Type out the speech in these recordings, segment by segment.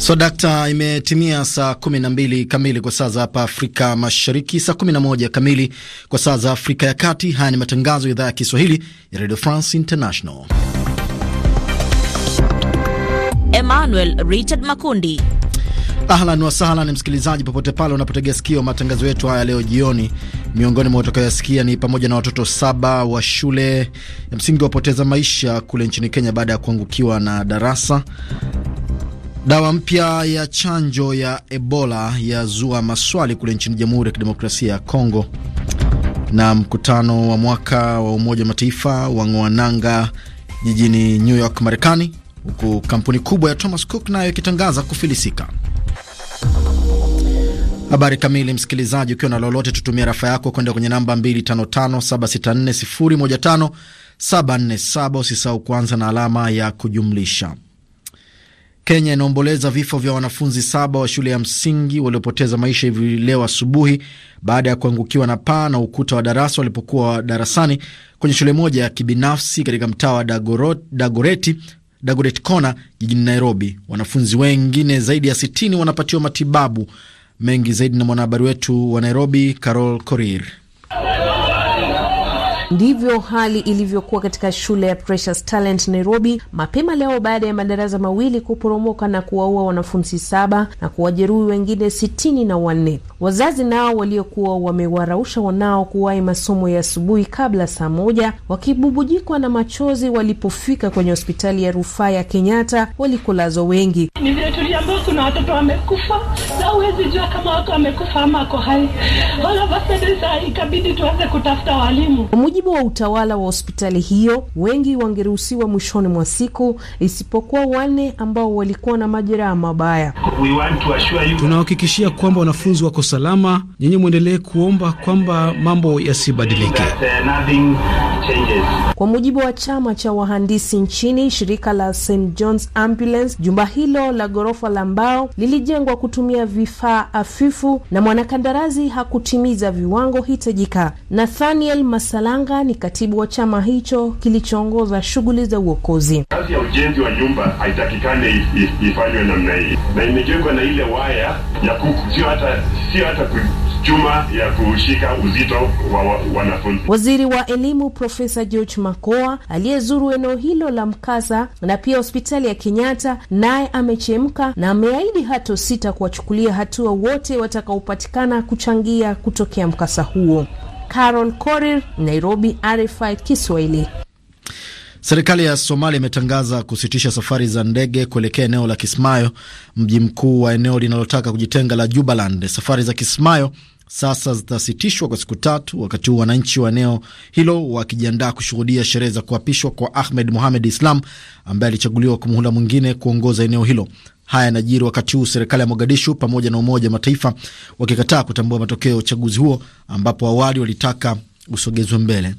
So dakta, imetimia saa mbili kamili kwa saa za hapa Afrika Mashariki, saa 11 kamili kwa saa za Afrika ya Kati. Haya ni matangazo ya idhaa ya Kiswahili ya Radio France International. Emmanuel Richard Makundi. Ahlan wasahlan, msikilizaji, popote pale unapotegea sikio matangazo yetu haya leo jioni. Miongoni mwa watakayoyasikia ni pamoja na watoto saba wa shule ya msingi wapoteza maisha kule nchini Kenya baada ya kuangukiwa na darasa Dawa mpya ya chanjo ya Ebola yazua maswali kule nchini Jamhuri ya Kidemokrasia ya Kongo. Na mkutano wa mwaka wa Umoja wa Mataifa wang'oa nanga jijini New York, Marekani, huku kampuni kubwa ya Thomas Cook nayo ikitangaza kufilisika. Habari kamili, msikilizaji, ukiwa na lolote, tutumia rafa yako kwenda kwenye namba 255764015747. Usisahau kuanza na alama ya kujumlisha Kenya inaomboleza vifo vya wanafunzi saba wa shule ya msingi waliopoteza maisha hivi leo asubuhi baada ya kuangukiwa na paa na ukuta wa darasa walipokuwa darasani kwenye shule moja ya kibinafsi katika mtaa wa Dagoreti Dagoret Kona jijini Nairobi. Wanafunzi wengine zaidi ya sitini wanapatiwa matibabu mengi zaidi na mwanahabari wetu wa Nairobi Carol Korir. Ndivyo hali ilivyokuwa katika shule ya Precious Talent Nairobi mapema leo baada ya madarasa mawili kuporomoka na kuwaua wanafunzi saba na kuwajeruhi wengine sitini na wanne. Wazazi nao waliokuwa wamewarausha wanao kuwahi masomo ya asubuhi kabla saa moja, wakibubujikwa na machozi walipofika kwenye hospitali ya rufaa ya Kenyatta walikolazwa wengi. Ni vile tuliambiwa kuna watoto wamekufa na huwezi jua kama wako wamekufa ama hai, ikabidi tuanze kutafuta walimu mujibu wa utawala wa hospitali hiyo, wengi wangeruhusiwa mwishoni mwa siku, isipokuwa wanne ambao walikuwa na majeraha mabaya. Tunahakikishia kwamba wanafunzi wako salama, nyinyi mwendelee kuomba kwamba mambo yasibadilike. Uh, kwa mujibu wa chama cha wahandisi nchini, shirika la St John's Ambulance, jumba hilo la ghorofa la mbao lilijengwa kutumia vifaa hafifu na mwanakandarasi hakutimiza viwango hitajika. Nathaniel Masalanga ni katibu wa chama hicho kilichoongoza shughuli za uokozi. Kazi ya ujenzi wa nyumba haitakikane ifanywe namna hii, na imejengwa na ile waya ya kuku, sio hata, sio hata chuma ya kushika uzito wa, wanafunzi. Waziri wa elimu Profesa George Makoa aliyezuru eneo hilo la mkasa na pia hospitali ya Kenyatta naye amechemka na ameahidi hato sita kuwachukulia hatua wote watakaopatikana kuchangia kutokea mkasa huo. Carol Korir, Nairobi, RFI Kiswahili. Serikali ya Somalia imetangaza kusitisha safari za ndege kuelekea eneo la Kismayo, mji mkuu wa eneo linalotaka kujitenga la Jubaland. Safari za Kismayo sasa zitasitishwa kwa siku tatu, wakati huu wananchi wa eneo hilo wakijiandaa kushuhudia sherehe za kuapishwa kwa Ahmed Mohamed Islam ambaye alichaguliwa kwa muhula mwingine kuongoza eneo hilo. Haya yanajiri wakati huu serikali ya Mogadishu pamoja na Umoja wa Mataifa wakikataa kutambua matokeo ya uchaguzi huo ambapo awali walitaka usogezwe mbele.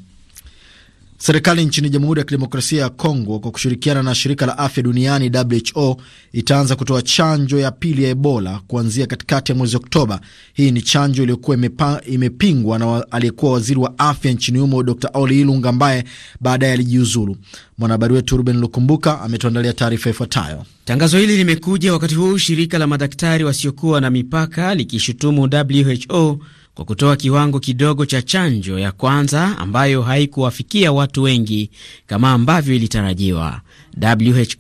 Serikali nchini Jamhuri ya Kidemokrasia ya Kongo kwa kushirikiana na shirika la afya duniani WHO itaanza kutoa chanjo ya pili ya Ebola kuanzia katikati ya mwezi Oktoba. Hii ni chanjo iliyokuwa imepingwa na aliyekuwa waziri wa afya nchini humo Dr Oli Ilung ambaye baadaye alijiuzulu. Mwanahabari wetu Ruben Lukumbuka ametuandalia taarifa ifuatayo. Tangazo hili limekuja wakati huu shirika la madaktari wasiokuwa na mipaka likishutumu WHO kwa kutoa kiwango kidogo cha chanjo ya kwanza ambayo haikuwafikia watu wengi kama ambavyo ilitarajiwa.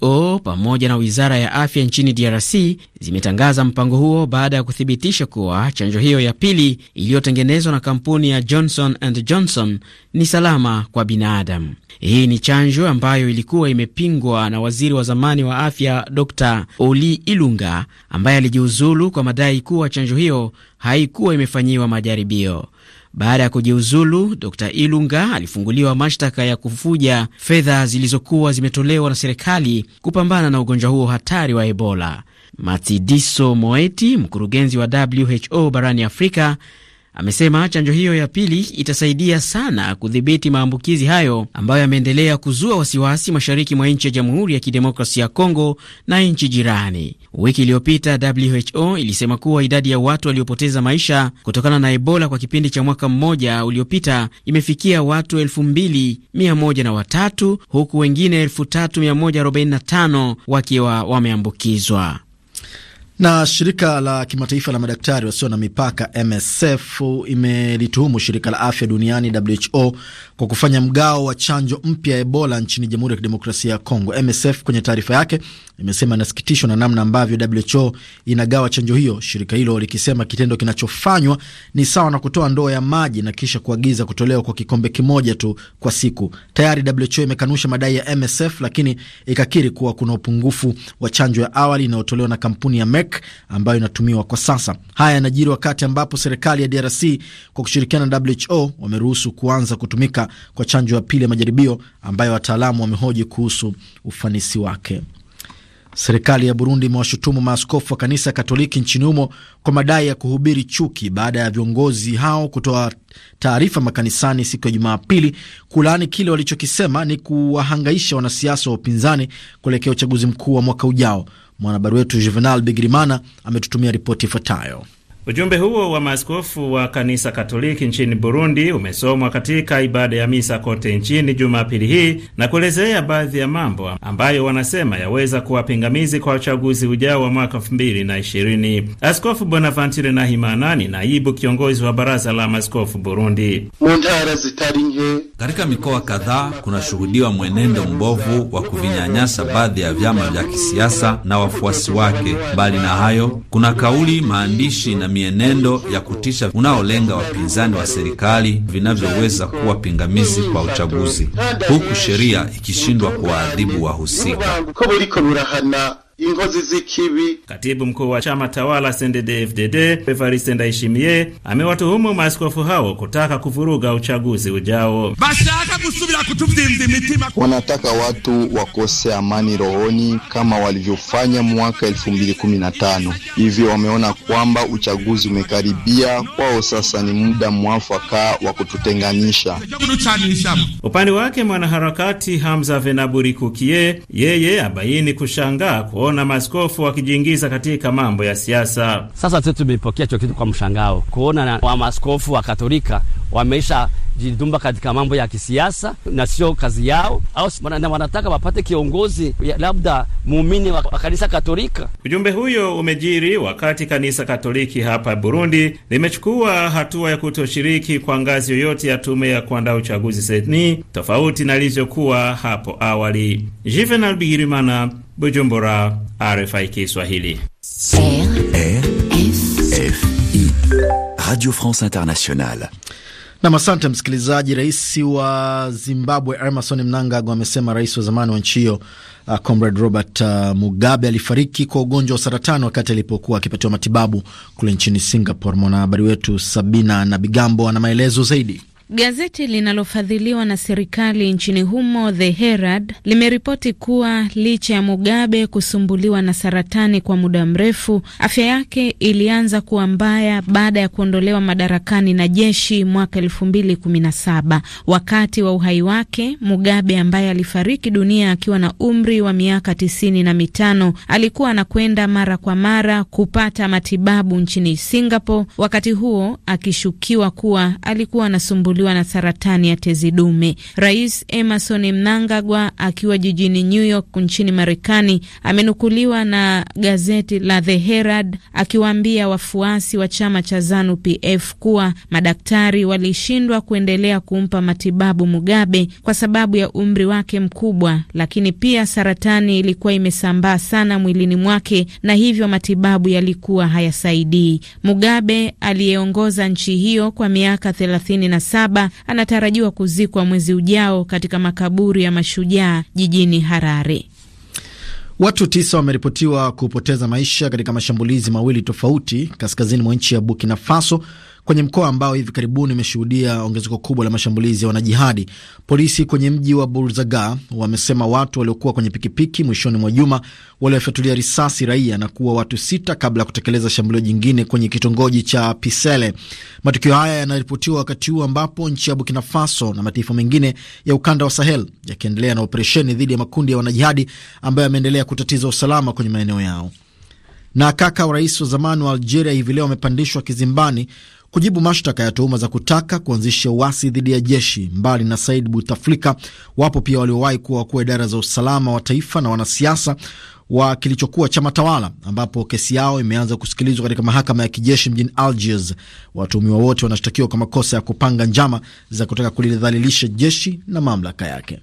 WHO pamoja na wizara ya afya nchini DRC zimetangaza mpango huo baada ya kuthibitisha kuwa chanjo hiyo ya pili iliyotengenezwa na kampuni ya Johnson and Johnson ni salama kwa binadamu. Hii ni chanjo ambayo ilikuwa imepingwa na waziri wa zamani wa afya Dr Oli Ilunga ambaye alijiuzulu kwa madai kuwa chanjo hiyo haikuwa imefanyiwa majaribio. Baada ya kujiuzulu, Dr Ilunga alifunguliwa mashtaka ya kufuja fedha zilizokuwa zimetolewa na serikali kupambana na ugonjwa huo hatari wa Ebola. Matidiso Moeti, mkurugenzi wa WHO barani Afrika, Amesema chanjo hiyo ya pili itasaidia sana kudhibiti maambukizi hayo ambayo yameendelea kuzua wasiwasi mashariki mwa nchi ya Jamhuri ya Kidemokrasia ya Kongo na nchi jirani. Wiki iliyopita WHO ilisema kuwa idadi ya watu waliopoteza maisha kutokana na Ebola kwa kipindi cha mwaka mmoja uliopita imefikia watu 2103 huku wengine 3145 wakiwa wameambukizwa. Na shirika la kimataifa la madaktari wasio na mipaka MSF imelituhumu shirika la afya duniani WHO kwa kufanya mgao wa chanjo mpya ya Ebola nchini Jamhuri ya Kidemokrasia ya Kongo. MSF kwenye taarifa yake imesema inasikitishwa na namna ambavyo WHO inagawa chanjo hiyo, shirika hilo likisema kitendo kinachofanywa ni sawa na kutoa ndoo ya maji na kisha kuagiza kutolewa kwa kikombe kimoja tu kwa siku. Tayari WHO imekanusha madai ya MSF, lakini ikakiri kuwa kuna upungufu wa chanjo ya awali inayotolewa na kampuni ya Merck Quebec ambayo inatumiwa kwa sasa. Haya yanajiri wakati ambapo serikali ya DRC kwa kushirikiana na WHO wameruhusu kuanza kutumika kwa chanjo ya pili ya majaribio ambayo wataalamu wamehoji kuhusu ufanisi wake. Serikali ya Burundi imewashutumu maaskofu wa kanisa Katoliki nchini humo kwa madai ya kuhubiri chuki baada ya viongozi hao kutoa taarifa makanisani siku ya Jumapili kulaani kile walichokisema ni kuwahangaisha wanasiasa wa upinzani kuelekea uchaguzi mkuu wa mwaka ujao. Mwanahabari wetu Juvenal Bigirimana ametutumia ripoti ifuatayo. Ujumbe huo wa maaskofu wa kanisa Katoliki nchini Burundi umesomwa katika ibada ya misa kote nchini Jumapili hii na kuelezea baadhi ya mambo ambayo wanasema yaweza kuwa pingamizi kwa uchaguzi ujao wa mwaka 220 Askofu Bonavantire Nahimana ni naibu kiongozi wa baraza la maaskofu Burundi. Katika mikoa kadhaa kunashuhudiwa mwenendo mbovu wa kuvinyanyasa baadhi ya vyama vya kisiasa na wafuasi wake. Mbali na hayo, kuna kauli, maandishi na mienendo ya kutisha unaolenga wapinzani wa serikali vinavyoweza kuwa pingamizi kwa uchaguzi, huku sheria ikishindwa kuwaadhibu wahusika. Katibu mkuu wa chama tawala CNDD-FDD Evariste Ndayishimiye amewatuhumu maaskofu hao kutaka kuvuruga uchaguzi ujao. Wanataka watu wakose amani rohoni kama walivyofanya mwaka 2015. Hivyo wameona kwamba uchaguzi umekaribia, kwao sasa ni muda mwafaka wa kututenganisha. Upande wake mwanaharakati Hamza venaburi kukie yeye abaini kushangaa kuona maskofu wakijiingiza katika mambo ya siasa. Sasa tu tumepokea chokitu kwa mshangao, kuona wa maskofu wa Katolika wameisha jidumba katika mambo ya kisiasa na sio kazi yao, au wanataka wapate kiongozi labda muumini wa kanisa Katolika. Ujumbe huyo umejiri wakati kanisa Katoliki hapa Burundi limechukua hatua ya kutoshiriki kwa ngazi yoyote ya tume ya kuandaa uchaguzi seni, tofauti na ilivyokuwa hapo awali. Juvenal Bigirimana, Bujumbura, RFI Kiswahili. Radio France Internationale. Nam, asante msikilizaji. Rais wa Zimbabwe Emerson Mnangagwa amesema rais wa zamani wa nchi hiyo uh, Comrade Robert uh, Mugabe alifariki kwa ugonjwa wa saratani wakati alipokuwa akipatiwa matibabu kule nchini Singapore. Mwanahabari wetu Sabina na Bigambo ana maelezo zaidi. Gazeti linalofadhiliwa na serikali nchini humo The Herald limeripoti kuwa licha ya Mugabe kusumbuliwa na saratani kwa muda mrefu, afya yake ilianza kuwa mbaya baada ya kuondolewa madarakani na jeshi mwaka elfu mbili kumi na saba. Wakati wa uhai wake, Mugabe ambaye alifariki dunia akiwa na umri wa miaka tisini na mitano alikuwa anakwenda mara kwa mara kupata matibabu nchini Singapore, wakati huo akishukiwa kuwa alikuwa anasumbuliwa aligunduliwa na saratani ya tezi dume. Rais Emerson Mnangagwa akiwa jijini New York nchini Marekani amenukuliwa na gazeti la The Herald akiwaambia wafuasi wa chama cha Zanu PF kuwa madaktari walishindwa kuendelea kumpa matibabu Mugabe kwa sababu ya umri wake mkubwa, lakini pia saratani ilikuwa imesambaa sana mwilini mwake na hivyo matibabu yalikuwa hayasaidii. Mugabe aliyeongoza nchi hiyo kwa miaka 37 saba anatarajiwa kuzikwa mwezi ujao katika makaburi ya mashujaa jijini Harare. Watu tisa wameripotiwa kupoteza maisha katika mashambulizi mawili tofauti kaskazini mwa nchi ya Burkina Faso kwenye mkoa ambao hivi karibuni umeshuhudia ongezeko kubwa la mashambulizi ya wanajihadi. Polisi kwenye mji wa Burzaga wamesema watu waliokuwa kwenye pikipiki mwishoni mwa juma waliofyatulia risasi raia na kuua watu sita kabla ya kutekeleza shambulio jingine kwenye kitongoji cha Pisele. Matukio haya yanaripotiwa wakati huu ambapo nchi ya Burkina Faso na mataifa mengine ya ukanda wa Sahel yakiendelea na operesheni dhidi ya makundi ya wanajihadi ambayo yameendelea kutatiza usalama kwenye maeneo yao. Na kaka wa rais wa zamani wa Algeria hivi leo amepandishwa kizimbani kujibu mashtaka ya tuhuma za kutaka kuanzisha uasi dhidi ya jeshi. Mbali na Said Butaflika, wapo pia waliowahi kuwa wakuu wa idara za usalama wa taifa na wanasiasa wa kilichokuwa chama tawala ambapo kesi yao imeanza kusikilizwa katika mahakama ya kijeshi mjini Algiers. Watuhumiwa wote wanashtakiwa kwa makosa ya kupanga njama za kutaka kulidhalilisha jeshi na mamlaka yake.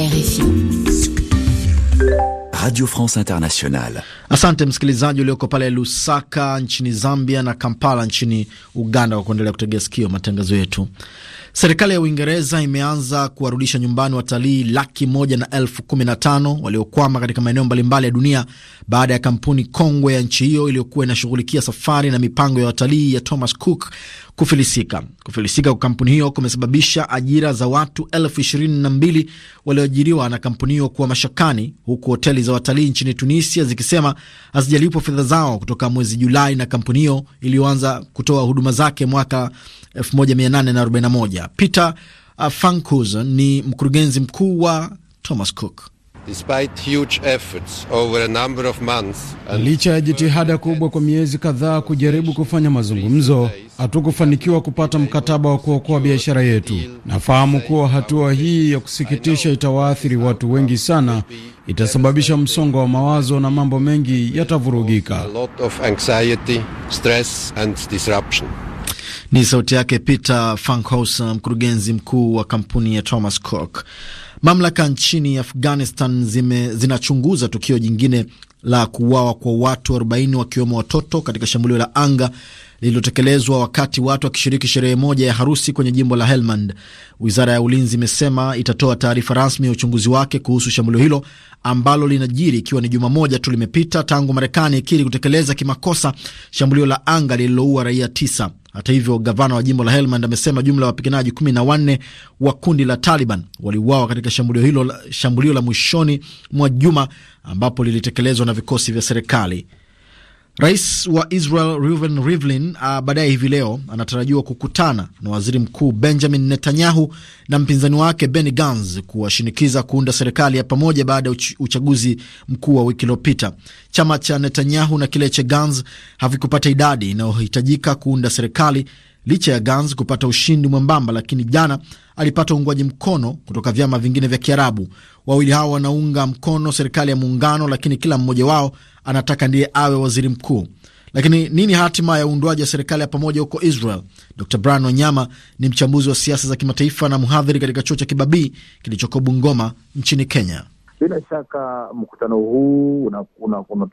RFI. Radio France Internationale. Asante msikilizaji ulioko pale Lusaka nchini Zambia na Kampala nchini Uganda kwa kuendelea kutegea sikio matangazo yetu. Serikali ya Uingereza imeanza kuwarudisha nyumbani watalii laki moja na elfu kumi na tano waliokwama katika maeneo mbalimbali ya dunia baada ya kampuni kongwe ya nchi hiyo iliyokuwa inashughulikia safari na mipango ya watalii ya Thomas Cook kufilisika. Kufilisika kwa kampuni hiyo kumesababisha ajira za watu elfu ishirini na mbili walioajiriwa na kampuni hiyo kuwa mashakani, huku hoteli za watalii nchini Tunisia zikisema hazijalipwa fedha zao kutoka mwezi Julai na kampuni hiyo iliyoanza kutoa huduma zake mwaka 1841. Peter Fankhauser ni mkurugenzi mkuu wa Thomas Cook. Licha ya jitihada kubwa kwa miezi kadhaa kujaribu kufanya mazungumzo, hatukufanikiwa kupata mkataba wa kuokoa biashara yetu. Nafahamu kuwa hatua hii ya kusikitisha itawaathiri watu wengi sana, itasababisha msongo wa mawazo na mambo mengi yatavurugika. Ni sauti yake Peter Fankhaus, mkurugenzi mkuu wa kampuni ya Thomas Cook. Mamlaka nchini Afghanistan zime, zinachunguza tukio jingine la kuuawa kwa watu 40 wakiwemo watoto katika shambulio la anga lililotekelezwa wakati watu wakishiriki sherehe moja ya harusi kwenye jimbo la Helmand. Wizara ya ulinzi imesema itatoa taarifa rasmi ya uchunguzi wake kuhusu shambulio hilo ambalo linajiri ikiwa ni juma moja tu limepita tangu Marekani ikiri kutekeleza kimakosa shambulio la anga lililoua raia tisa. Hata hivyo, gavana wa jimbo la Helmand amesema jumla ya wapiganaji kumi na wanne wa kundi la Taliban waliuawa katika shambulio hilo, shambulio la mwishoni mwa juma ambapo lilitekelezwa na vikosi vya serikali Rais wa Israel Reuven Rivlin ah, baadaye hivi leo anatarajiwa kukutana na waziri mkuu Benjamin Netanyahu na mpinzani wake Benny Gantz kuwashinikiza kuunda serikali ya pamoja baada ya uchaguzi mkuu wa wiki iliyopita. Chama cha Netanyahu na kile cha Gantz havikupata idadi inayohitajika kuunda serikali licha ya Gans kupata ushindi mwembamba, lakini jana alipata uungwaji mkono kutoka vyama vingine vya Kiarabu. Wawili hao wanaunga mkono serikali ya muungano, lakini kila mmoja wao anataka ndiye awe waziri mkuu. Lakini nini hatima ya uundwaji wa serikali ya pamoja huko Israel? Dr Brian Wanyama ni mchambuzi wa siasa za kimataifa na mhadhiri katika chuo cha Kibabii kilichoko Bungoma nchini Kenya. Bila shaka mkutano huu unajitokeza una, una,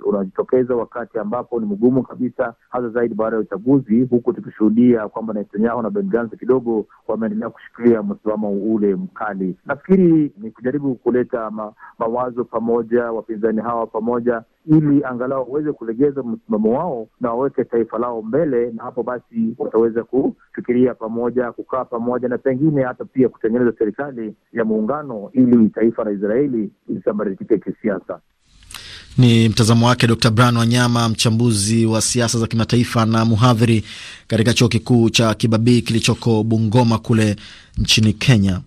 una wakati ambapo ni mgumu kabisa, hasa zaidi baada ya uchaguzi, huku tukishuhudia kwamba Netanyahu na Ben Gantz kidogo wameendelea kushikilia msimamo ule mkali. Nafikiri ni kujaribu kuleta ma, mawazo pamoja, wapinzani hawa pamoja, ili angalau waweze kulegeza msimamo wao na waweke taifa lao mbele, na hapo basi wataweza kufikiria pamoja, kukaa pamoja, na pengine hata pia kutengeneza serikali ya muungano ili taifa la Israeli lisambaratika kisiasa. Ni mtazamo wake Dr Brian Wanyama, mchambuzi wa siasa za kimataifa na mhadhiri katika chuo kikuu cha Kibabii kilichoko Bungoma kule nchini Kenya.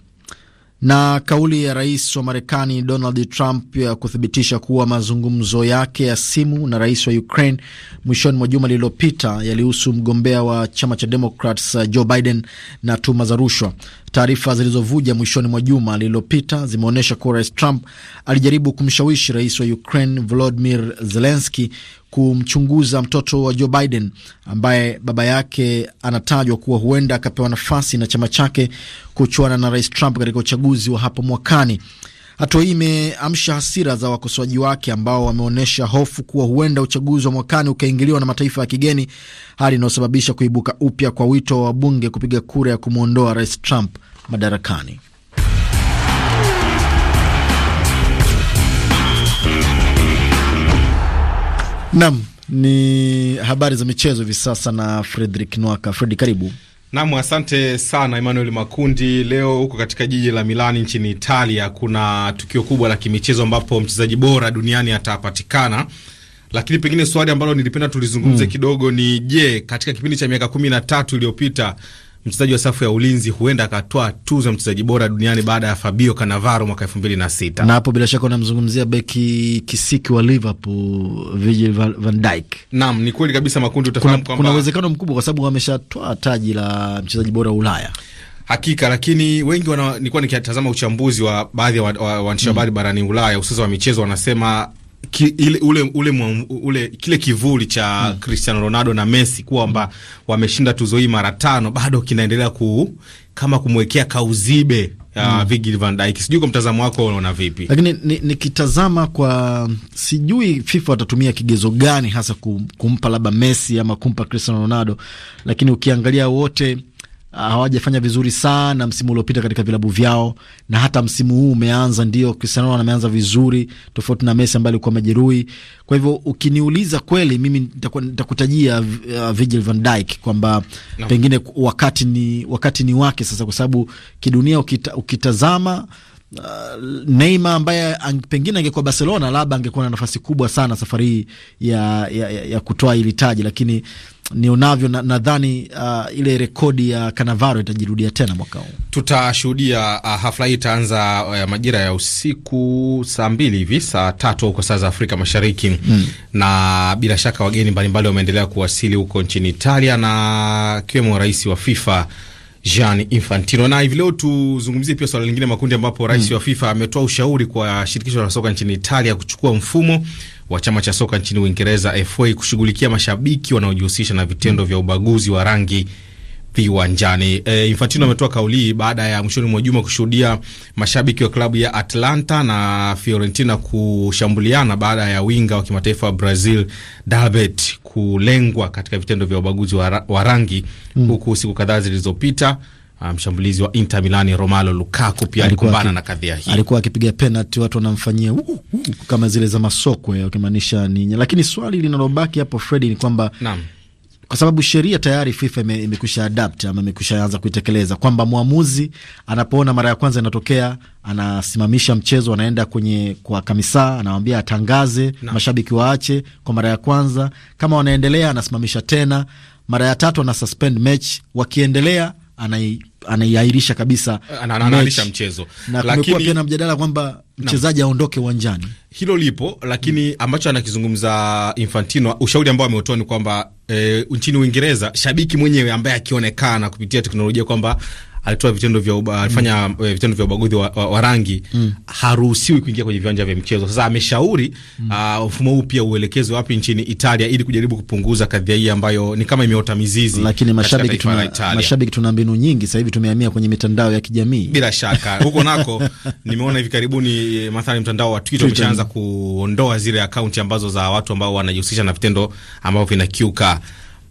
Na kauli ya rais wa Marekani Donald Trump ya kuthibitisha kuwa mazungumzo yake ya simu na rais wa Ukraine mwishoni mwa juma lililopita yalihusu mgombea wa chama cha Democrats uh, Joe Biden na tuma za rushwa. Taarifa zilizovuja mwishoni mwa juma lililopita zimeonyesha kuwa rais Trump alijaribu kumshawishi rais wa Ukraine Volodymyr Zelensky kumchunguza mtoto wa Joe Biden ambaye baba yake anatajwa kuwa huenda akapewa nafasi na chama chake kuchuana na Rais Trump katika uchaguzi wa hapo mwakani. Hatua hii imeamsha hasira za wakosoaji wake ambao wameonyesha hofu kuwa huenda uchaguzi wa mwakani ukaingiliwa na mataifa ya kigeni, hali inayosababisha kuibuka upya kwa wito wa wabunge kupiga kura ya kumwondoa Rais Trump madarakani. Nam ni habari za michezo hivi sasa na Fredrik Nwaka. Fredi, karibu. Nam, asante sana Emmanuel Makundi. Leo huko katika jiji la Milani nchini Italia kuna tukio kubwa la kimichezo ambapo mchezaji bora duniani atapatikana, lakini pengine swali ambalo nilipenda tulizungumze mm, kidogo ni je, katika kipindi cha miaka kumi na tatu iliyopita mchezaji wa safu ya ulinzi, huenda akatoa tuzo ya mchezaji bora duniani baada ya Fabio Cannavaro mwaka elfu mbili na sita. Na hapo bila shaka unamzungumzia beki kisiki wa Liverpool Virgil van Dijk. Naam, ni kweli kabisa makundi, utafahamu kwamba kuna uwezekano mkubwa kwa sababu wameshatoa taji la mchezaji bora wa Ulaya Hakika, lakini wengi wana, nilikuwa nikitazama uchambuzi wa baadhi ya waandishi wa mm. habari wa, wa, wa barani Ulaya hususan wa michezo wanasema ki, ile, ule, ule, ule, kile kivuli cha mm. Cristiano Ronaldo na Messi kwamba hmm. wameshinda tuzo hii mara tano bado kinaendelea ku kama kumwekea kauzibe ya hmm. Virgil van Dijk. Sijui kwa mtazamo wako unaona vipi? Lakini nikitazama ni kwa sijui FIFA watatumia kigezo gani hasa kumpa labda Messi ama kumpa Cristiano Ronaldo, lakini ukiangalia wote Ah, hawajafanya vizuri sana msimu uliopita katika vilabu vyao, na hata msimu huu umeanza, ndio Cristiano Ronaldo ameanza vizuri, tofauti na Messi ambaye alikuwa majeruhi. Kwa hivyo ukiniuliza kweli, mimi nitakutajia uh, Virgil van Dijk kwamba no. pengine wakati ni, wakati ni wake sasa, kwa sababu kidunia ukita, ukitazama Uh, Neymar ambaye ang, pengine angekuwa Barcelona labda angekuwa na nafasi kubwa sana safari hii ya, ya, ya, ya kutoa ilitaji taji, lakini nionavyo nadhani na uh, ile rekodi ya Kanavaro itajirudia tena mwaka huu. Tutashuhudia uh, hafla hii itaanza uh, majira ya usiku saa mbili hivi saa tatu huko saa za Afrika Mashariki hmm. Na bila shaka wageni mbalimbali wameendelea kuwasili huko nchini Italia na akiwemo rais wa FIFA Gianni Infantino. Na hivi leo tuzungumzie pia swala lingine makundi, ambapo rais mm. wa FIFA ametoa ushauri kwa shirikisho la soka nchini Italia kuchukua mfumo wa chama cha soka nchini Uingereza FA kushughulikia mashabiki wanaojihusisha na vitendo vya ubaguzi wa rangi viwanjani. E, Infantino ametoa kauli hii baada ya mwishoni mwa juma kushuhudia mashabiki wa klabu ya Atlanta na Fiorentina kushambuliana baada ya winga wa kimataifa wa Brazil David kulengwa katika vitendo vya ubaguzi wa rangi, mm. huku siku kadhaa zilizopita Ah, mshambulizi wa Inter Milani Romalo Lukaku pia alikumbana na kadhia hii. Alikuwa akipiga penalti watu wanamfanyia uh, uh, kama zile za masokwe wakimaanisha ninye. lakini swali linalobaki hapo Fredi ni kwamba naam kwa sababu sheria tayari FIFA imekusha adapt ama imekusha anza kuitekeleza kwamba mwamuzi anapoona mara ya kwanza inatokea, anasimamisha mchezo, anaenda kwenye kwa kamisaa, anawambia atangaze na mashabiki waache kwa mara ya kwanza. Kama wanaendelea, anasimamisha tena mara ya tatu, ana suspend match. Wakiendelea, anai anaiahirisha kabisa, anaahirisha mchezo, na kumekuwa pia na mjadala kwamba mchezaji aondoke uwanjani. Hilo lipo lakini, mm. ambacho anakizungumza Infantino, ushauri ambao ameutoa ni kwamba e, nchini Uingereza, shabiki mwenyewe ambaye akionekana kupitia teknolojia kwamba alitoa vitendo vya uba, alifanya mm. Eh, vitendo vya ubaguzi wa, wa, wa rangi mm. haruhusiwi kuingia kwenye viwanja vya michezo. Sasa ameshauri mm. Ah, mfumo mm. huu pia uelekezwe wapi nchini Italia ili kujaribu kupunguza kadhia hii ambayo ni kama imeota mizizi. Lakini mashabiki tuna, mashabiki tuna mbinu nyingi sasa hivi tumehamia kwenye mitandao ya kijamii. Bila shaka huko nako nimeona hivi karibuni eh, mathalan mtandao wa Twitter umeshaanza kuondoa zile akaunti ambazo za watu ambao wanajihusisha na vitendo ambavyo vinakiuka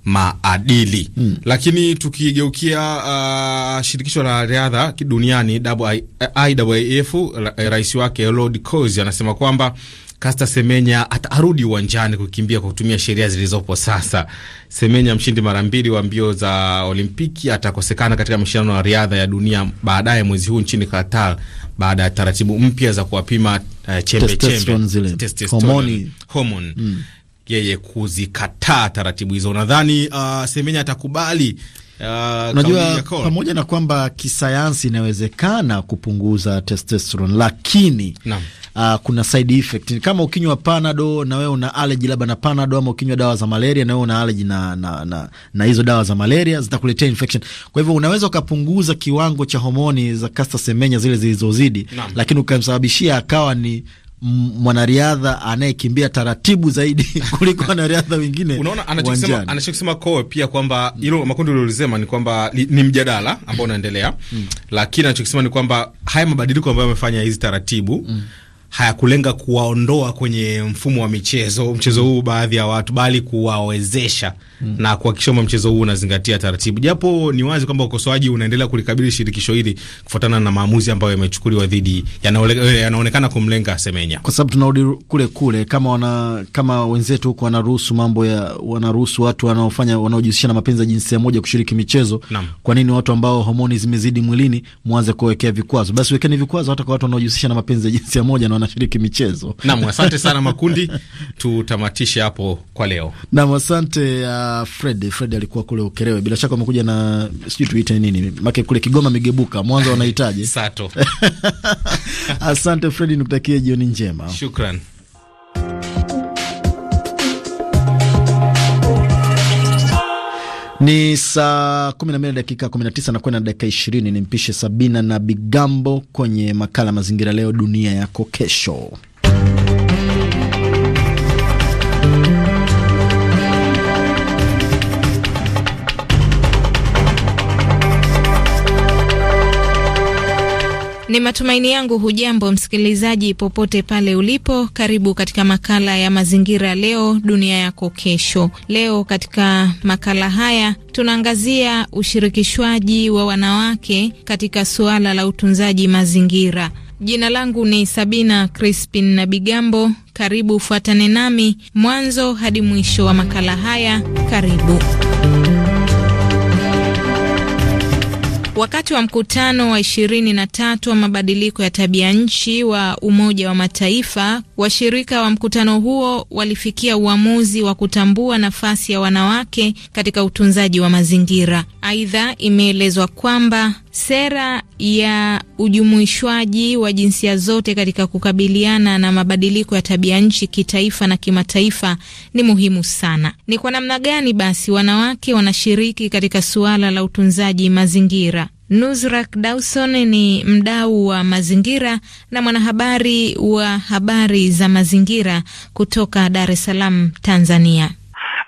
maadili mm. Lakini tukigeukia uh, shirikisho la riadha duniani IAAF, eh, rais wake Lord Coes anasema kwamba Caster Semenya atarudi uwanjani kukimbia kwa kutumia sheria zilizopo sasa. Semenya, mshindi mara mbili wa mbio za Olimpiki, atakosekana katika mashindano ya riadha ya dunia baadaye mwezi huu nchini Qatar baada ya taratibu mpya za kuwapima uh, eh, chembe chembe, testosterone, yeye kuzikataa taratibu hizo. Nadhani uh, Semenya atakubali. Uh, unajua pamoja na kwamba kisayansi inawezekana kupunguza testosterone lakini uh, kuna side effect. Kama ukinywa panado na wewe una allergy labda na panado, ama ukinywa dawa za malaria na wewe una allergy na, na, na, na hizo dawa za malaria zitakuletea infection. Kwa hivyo unaweza ukapunguza kiwango cha homoni za Caster Semenya zile zilizozidi, lakini ukamsababishia akawa ni mwanariadha anayekimbia taratibu zaidi kuliko wanariadha wengine. Unaona, anachokisema anachokisema Koe pia kwamba hilo mm. makundi uliolisema ni kwamba ni mjadala ambao unaendelea mm. lakini anachokisema ni kwamba haya mabadiliko ambayo amefanya hizi taratibu mm hayakulenga kuwaondoa kwenye mfumo wa michezo mchezo huu baadhi ya watu, bali kuwawezesha mm. na kuhakikisha kwamba mchezo huu unazingatia taratibu, japo ni wazi kwamba ukosoaji unaendelea kulikabili shirikisho hili kufuatana na maamuzi ambayo yamechukuliwa dhidi, eh, yanaonekana kumlenga Semenya, kwa sababu tunarudi kule kule, kama wana kama wenzetu huko wanaruhusu mambo ya wanaruhusu watu wanaofanya wanaojihusisha na mapenzi ya jinsia moja kushiriki michezo, kwa nini watu ambao homoni zimezidi mwilini mwanze kuwekea vikwazo? Basi wekeni vikwazo hata kwa watu wanaojihusisha na mapenzi ya jinsia moja na wanashiriki michezo. Nam, asante sana Makundi, tutamatishe hapo kwa leo. Nam, asante uh, Fred. Fred alikuwa kule Ukerewe, bila shaka amekuja na sijui tuite nini, make kule Kigoma migebuka Mwanza wanahitaji sato asante Fred, nikutakie jioni njema, shukran. Ni saa 12 dakika 19 na kwenda dakika 20. Ni mpishe Sabina na Bigambo kwenye makala Mazingira Leo, dunia yako kesho. Ni matumaini yangu hujambo msikilizaji, popote pale ulipo. Karibu katika makala ya mazingira, leo dunia yako kesho. Leo katika makala haya tunaangazia ushirikishwaji wa wanawake katika suala la utunzaji mazingira. Jina langu ni Sabina Crispin na Bigambo. Karibu, fuatane nami mwanzo hadi mwisho wa makala haya. Karibu. Wakati wa mkutano wa ishirini na tatu wa mabadiliko ya tabia nchi wa Umoja wa Mataifa, washirika wa mkutano huo walifikia uamuzi wa kutambua nafasi ya wanawake katika utunzaji wa mazingira. Aidha, imeelezwa kwamba Sera ya ujumuishwaji wa jinsia zote katika kukabiliana na mabadiliko ya tabia nchi kitaifa na kimataifa ni muhimu sana. Ni kwa namna gani basi wanawake wanashiriki katika suala la utunzaji mazingira? Nuzrak Dawson ni mdau wa mazingira na mwanahabari wa habari za mazingira kutoka Dar es Salaam, Tanzania.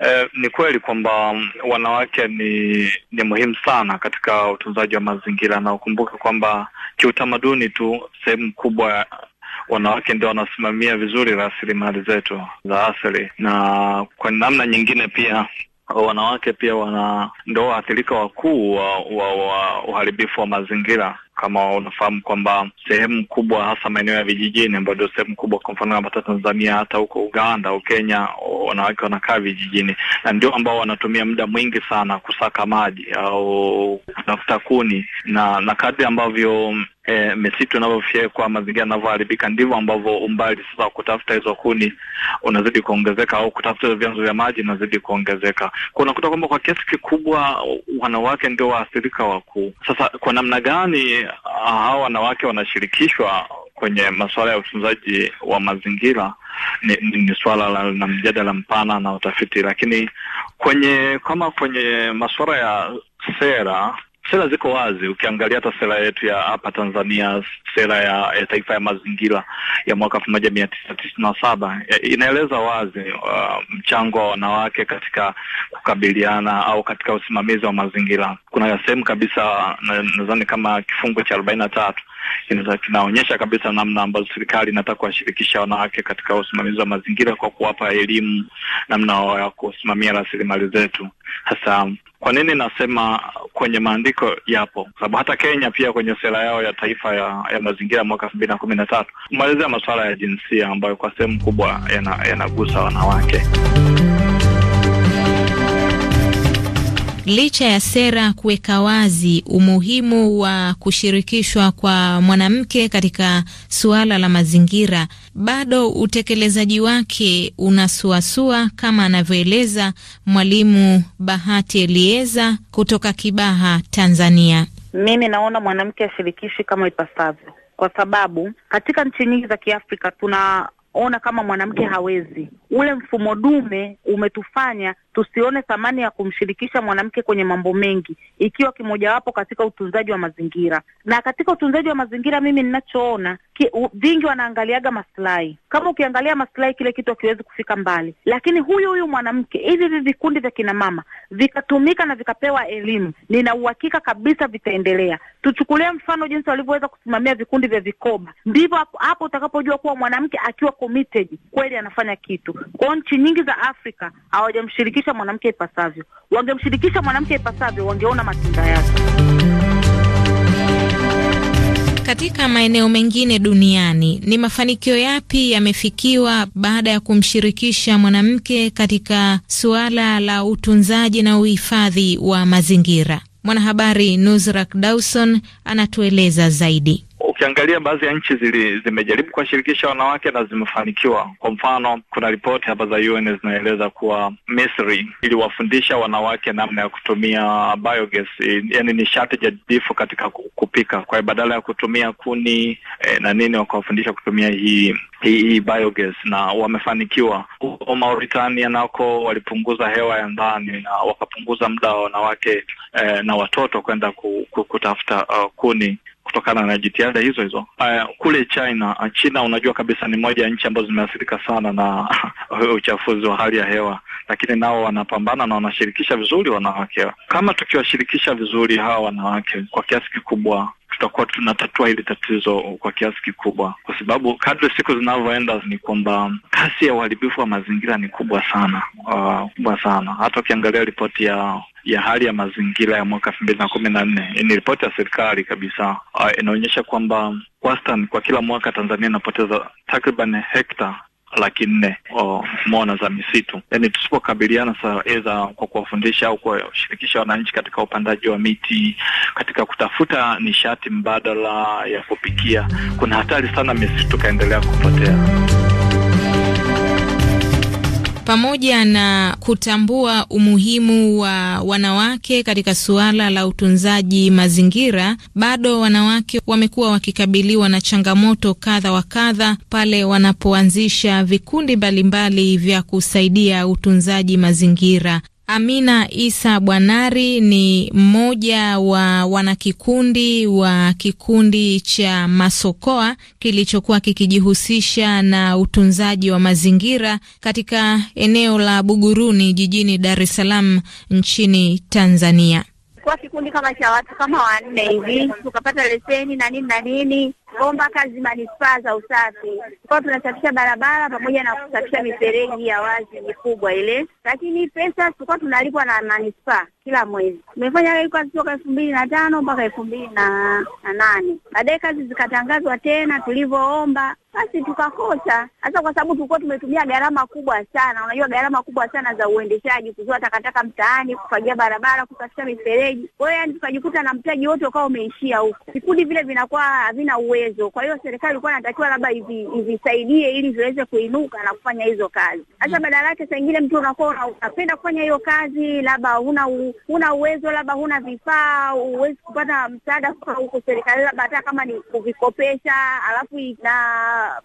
Eh, ni kweli kwamba wanawake ni ni muhimu sana katika utunzaji wa mazingira, na ukumbuke kwamba kiutamaduni tu sehemu kubwa wanawake ndio wanasimamia vizuri rasilimali zetu za asili, na kwa namna nyingine pia wanawake pia wana ndio waathirika wakuu wa uharibifu wa, wa, wa mazingira kama unafahamu kwamba sehemu kubwa hasa maeneo ya vijijini, ambayo ndio sehemu kubwa, kwa mfano hapa Tanzania, hata huko Uganda au Kenya, wanawake wanakaa vijijini na ndio ambao wanatumia muda mwingi sana kusaka maji au kutafuta kuni, na na kadri ambavyo E, misitu inavyofyekwa mazingira yanavyoharibika ndivyo ambavyo umbali sasa wa kutafuta hizo kuni unazidi kuongezeka, au kutafuta hizo vyanzo vya maji unazidi kuongezeka. Kwa unakuta kwamba kwa kiasi kikubwa wanawake ndio waathirika wakuu. Sasa kwa namna gani hawa wanawake wanashirikishwa kwenye masuala ya utunzaji wa mazingira ni, ni, ni swala la, na mjadala mpana na utafiti, lakini kwenye kama kwenye masuala ya sera Sera ziko wazi, ukiangalia hata sera yetu ya hapa Tanzania, sera ya, ya taifa ya mazingira ya mwaka elfu moja mia tisa tisini na saba inaeleza wazi uh, mchango wa wanawake katika kukabiliana au katika usimamizi wa mazingira. Kuna sehemu kabisa nadhani kama kifungu cha arobaini na tatu kinaonyesha kabisa namna ambazo serikali inataka kuwashirikisha wanawake katika usimamizi wa mazingira kwa kuwapa elimu namna ya kusimamia rasilimali zetu. hasa kwa nini nasema kwenye maandiko yapo? Kwa sababu hata Kenya pia kwenye sera yao ya taifa ya, ya mazingira mwaka elfu mbili na kumi na tatu kumalizia masuala ya jinsia ambayo kwa sehemu kubwa yanagusa yana wanawake. Licha ya sera kuweka wazi umuhimu wa kushirikishwa kwa mwanamke katika suala la mazingira, bado utekelezaji wake unasuasua, kama anavyoeleza Mwalimu Bahati Elieza kutoka Kibaha, Tanzania. Mimi naona mwanamke ashirikishwi kama ipasavyo, kwa sababu katika nchi nyingi za Kiafrika tuna ona kama mwanamke hawezi. Ule mfumo dume umetufanya tusione thamani ya kumshirikisha mwanamke kwenye mambo mengi, ikiwa kimojawapo katika utunzaji wa mazingira. Na katika utunzaji wa mazingira, mimi ninachoona vingi wanaangaliaga maslahi. Kama ukiangalia maslahi, kile kitu hakiwezi kufika mbali. Lakini huyu huyu mwanamke, hivi hivi vikundi vya kinamama vikatumika na vikapewa elimu, nina uhakika kabisa vitaendelea. Tuchukulie mfano jinsi walivyoweza kusimamia vikundi vya vikoba, ndivyo hapo utakapojua kuwa mwanamke akiwa committed kweli anafanya kitu. Kwao nchi nyingi za Afrika hawajamshirikisha wangemshirikisha mwanamke ipasavyo. Wangemshirikisha mwanamke ipasavyo, wangeona matunda yake. Katika maeneo mengine duniani, ni mafanikio yapi yamefikiwa baada ya kumshirikisha mwanamke katika suala la utunzaji na uhifadhi wa mazingira? Mwanahabari Nusrak Dawson anatueleza zaidi ukiangalia baadhi ya nchi zili, zimejaribu kuwashirikisha wanawake na zimefanikiwa. Kwa mfano, kuna ripoti hapa za UN zinaeleza kuwa Misri iliwafundisha wanawake namna ya kutumia biogas, yani nishati jadidifu katika kupika. Kwa hiyo badala ya kutumia kuni eh, na nini, wakawafundisha kutumia hii hii, biogas na wamefanikiwa. Huko Mauritania nako walipunguza hewa ya ndani na wakapunguza muda wa wanawake eh, na watoto kwenda ku, ku, kutafuta uh, kuni kutokana na jitihada hizo hizo. Uh, kule China, China unajua kabisa ni moja ya nchi ambazo zimeathirika sana na uchafuzi wa hali ya hewa, lakini nao wanapambana na wanashirikisha vizuri wanawake. Kama tukiwashirikisha vizuri hawa wanawake kwa kiasi kikubwa tutakuwa tunatatua hili tatizo kwa kiasi kikubwa, kwa sababu kadri siku zinavyoenda ni kwamba kasi ya uharibifu wa mazingira ni kubwa sana, uh, kubwa sana. Hata ukiangalia ripoti ya ya hali ya mazingira ya mwaka elfu mbili na kumi na nne ni ripoti ya serikali kabisa, uh, inaonyesha kwamba wastani kwa kila mwaka Tanzania inapoteza takriban hekta laki nne mona za misitu. Yani tusipokabiliana saa kwa kuwafundisha au kuwashirikisha wananchi katika upandaji wa miti, katika kutafuta nishati mbadala ya kupikia, kuna hatari sana misitu tukaendelea kupotea pamoja na kutambua umuhimu wa wanawake katika suala la utunzaji mazingira, bado wanawake wamekuwa wakikabiliwa na changamoto kadha wa kadha pale wanapoanzisha vikundi mbalimbali vya kusaidia utunzaji mazingira. Amina Isa Bwanari ni mmoja wa wanakikundi wa kikundi cha Masokoa kilichokuwa kikijihusisha na utunzaji wa mazingira katika eneo la Buguruni jijini Dar es Salaam nchini Tanzania. Kwa kikundi kama cha watu kama wanne hivi tukapata leseni na nini na nini kuomba kazi manispaa za usafi, kwa tunasafisha barabara pamoja na kusafisha mifereji ya wazi mikubwa ile, lakini pesa tulikuwa tunalipwa na manispaa kila mwezi. Tumefanya hiyo kazi toka elfu mbili na tano mpaka elfu mbili na nane. Baadaye kazi zikatangazwa tena, tulivyoomba basi tukakosa. hasa kwa sababu tulikuwa tumetumia gharama kubwa sana, unajua gharama kubwa sana za uendeshaji, kuzoa takataka mtaani, kufagia barabara, kusafisha mifereji, kwa hiyo yani tukajikuta na mtaji wote ukawa umeishia huko. Vikundi vile vinakuwa havina uwezo uwezo. Kwa hiyo serikali ilikuwa inatakiwa labda ivisaidie ili viweze kuinuka na kufanya hizo kazi. Sasa mm. badala yake saa mtu unakuwa unapenda kufanya hiyo kazi, labda huna huna uwezo, labda huna vifaa, huwezi kupata msaada kutoka huko serikali, labda hata kama ni kuvikopesha, alafu na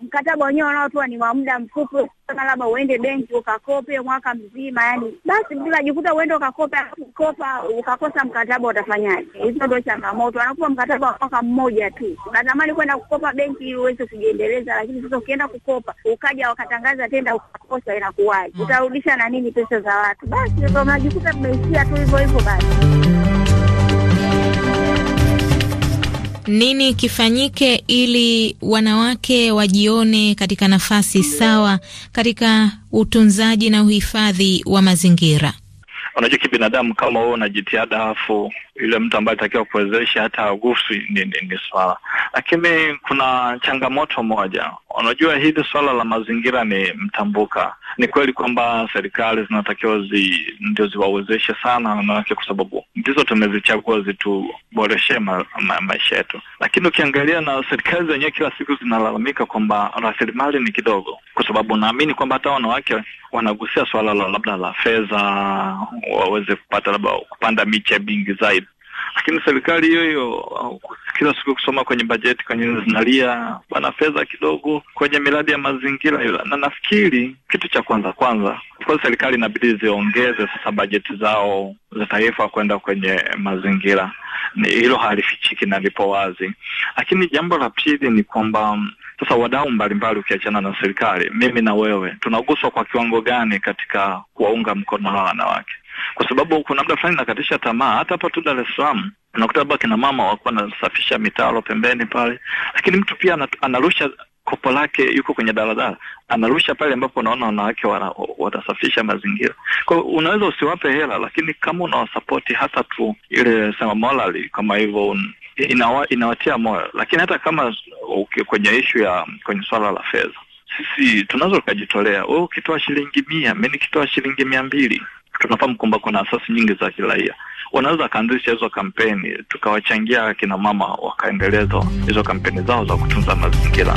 mkataba wenyewe wanaotoa ni wa muda mfupi kama labda uende benki ukakope mwaka mzima, yani basi unajikuta uende ukakope kopa ukakosa mkataba, utafanyaje? Hizo ndio changamoto, anakupa mkataba wa mwaka mmoja tu unatamani kwenda kukopa benki ili uweze kujiendeleza, lakini sasa ukienda kukopa ukaja wakatangaza tenda ukakosa, inakuwaje? Mm. Utarudisha na nini pesa za watu? Basi ndio mnajikuta mmeishia tu hivyo hivyo. Basi nini kifanyike ili wanawake wajione katika nafasi sawa katika utunzaji na uhifadhi wa mazingira? unajua kibinadamu, kama huo na jitihada afu yule mtu ambaye atakiwa kuwezesha hata agusi, ni, ni, ni swala. Lakini kuna changamoto moja, unajua hili swala la mazingira ni mtambuka ni kweli kwamba serikali zinatakiwa zi, ndio ziwawezeshe sana wanawake, kwa sababu ndizo tumezichagua zituboreshe ma, ma, maisha yetu, lakini ukiangalia na serikali zenyewe kila siku zinalalamika kwamba rasilimali ni kidogo, kwa sababu naamini kwamba hata wanawake wanagusia suala la labda la fedha, waweze kupata labda kupanda miche mingi zaidi lakini serikali hiyo hiyo kila siku kusoma kwenye bajeti, kwenye zinalia wana fedha kidogo kwenye miradi ya mazingira. Na nafikiri kitu cha kwanza kwanza, kwa serikali inabidi ziongeze sasa bajeti zao za taifa kwenda kwenye mazingira, ni hilo halifichiki na lipo wazi. Lakini jambo la pili ni kwamba sasa wadau mbalimbali ukiachana na serikali, mimi na wewe tunaguswa kwa kiwango gani katika kuwaunga mkono hawa wanawake? kwa sababu kuna mda fulani nakatisha tamaa. Hata hapa tu Dar es Salaam unakuta labda kina mama wakuwa wanasafisha mitaro pembeni pale, lakini mtu pia anarusha kopo lake, yuko kwenye daladala anarusha pale ambapo unaona wanawake watasafisha mazingira. Kwa hiyo unaweza usiwape hela, lakini kama unawasapoti hata tu ile sema morali kama hivyo inawa, inawatia moyo. Lakini hata kama okay, kwenye ishu ya kwenye swala la fedha sisi tunaweza tukajitolea, wewe ukitoa shilingi mia, mi nikitoa shilingi mia mbili tunafahamu kwamba kuna asasi nyingi za kiraia, wanaweza akaanzisha hizo kampeni, tukawachangia akina mama wakaendeleza hizo kampeni zao za kutunza mazingira.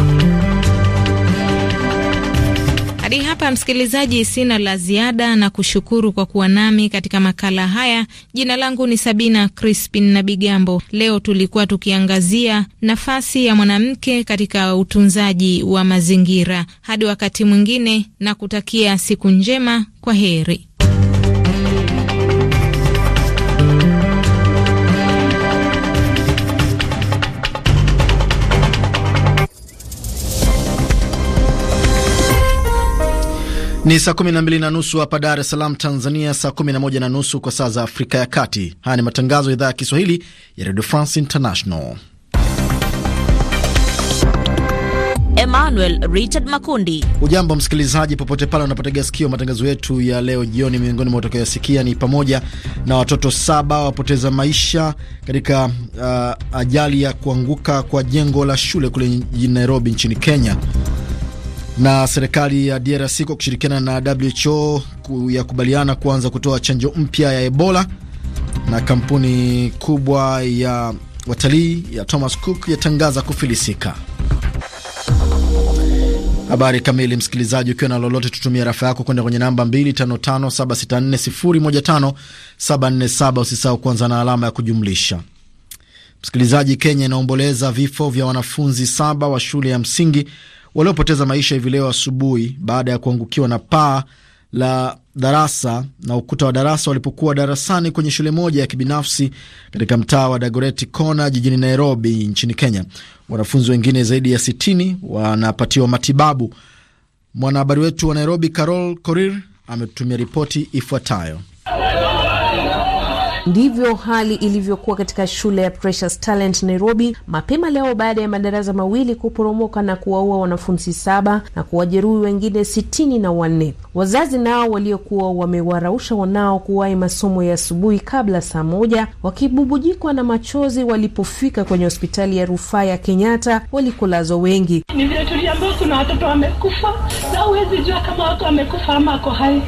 Hadi hapa msikilizaji, sina la ziada na kushukuru kwa kuwa nami katika makala haya. Jina langu ni Sabina Crispin na Bigambo. Leo tulikuwa tukiangazia nafasi ya mwanamke katika utunzaji wa mazingira. Hadi wakati mwingine, na kutakia siku njema. Kwa heri. Ni saa 12 na nusu hapa Dar es Salaam, Tanzania, saa 11 na nusu kwa saa za Afrika ya Kati. Haya ni matangazo ya idhaa ya Kiswahili ya Radio France International. Emmanuel Richard Makundi. Ujambo msikilizaji, popote pale unapotega sikio, matangazo yetu ya leo jioni. Miongoni mwa utakayoyasikia ni pamoja na watoto saba wapoteza maisha katika uh, ajali ya kuanguka kwa jengo la shule kule jijini Nairobi nchini Kenya na serikali ya DRC kwa kushirikiana na WHO yakubaliana kuanza kutoa chanjo mpya ya Ebola, na kampuni kubwa ya watalii ya Thomas Cook yatangaza kufilisika. Habari kamili, msikilizaji, ukiwa na lolote, tutumia rafa yako kwenda kwenye namba 255764015747. Usisahau kuanza na alama ya kujumlisha. Msikilizaji, Kenya inaomboleza vifo vya wanafunzi saba wa shule ya msingi waliopoteza maisha hivi leo asubuhi baada ya kuangukiwa na paa la darasa na ukuta wa darasa walipokuwa darasani kwenye shule moja ya kibinafsi katika mtaa wa Dagoreti cona jijini Nairobi nchini Kenya. Wanafunzi wengine zaidi ya s0 wanapatiwa matibabu. Mwanahabari wetu wa Nairobi Carol Korir ametutumia ripoti ifuatayo. Ndivyo hali ilivyokuwa katika shule ya Precious Talent Nairobi mapema leo baada ya madarasa mawili kuporomoka na kuwaua wanafunzi saba na kuwajeruhi wengine sitini na wanne. Wazazi nao waliokuwa wamewarausha wanao kuwahi masomo ya asubuhi kabla saa moja, wakibubujikwa na machozi walipofika kwenye hospitali ya rufaa ya Kenyatta walikolazwa wengi Nivyo kuwa kuna watoto wamekufa na huwezi jua kama wako wamekufa ama wako hai.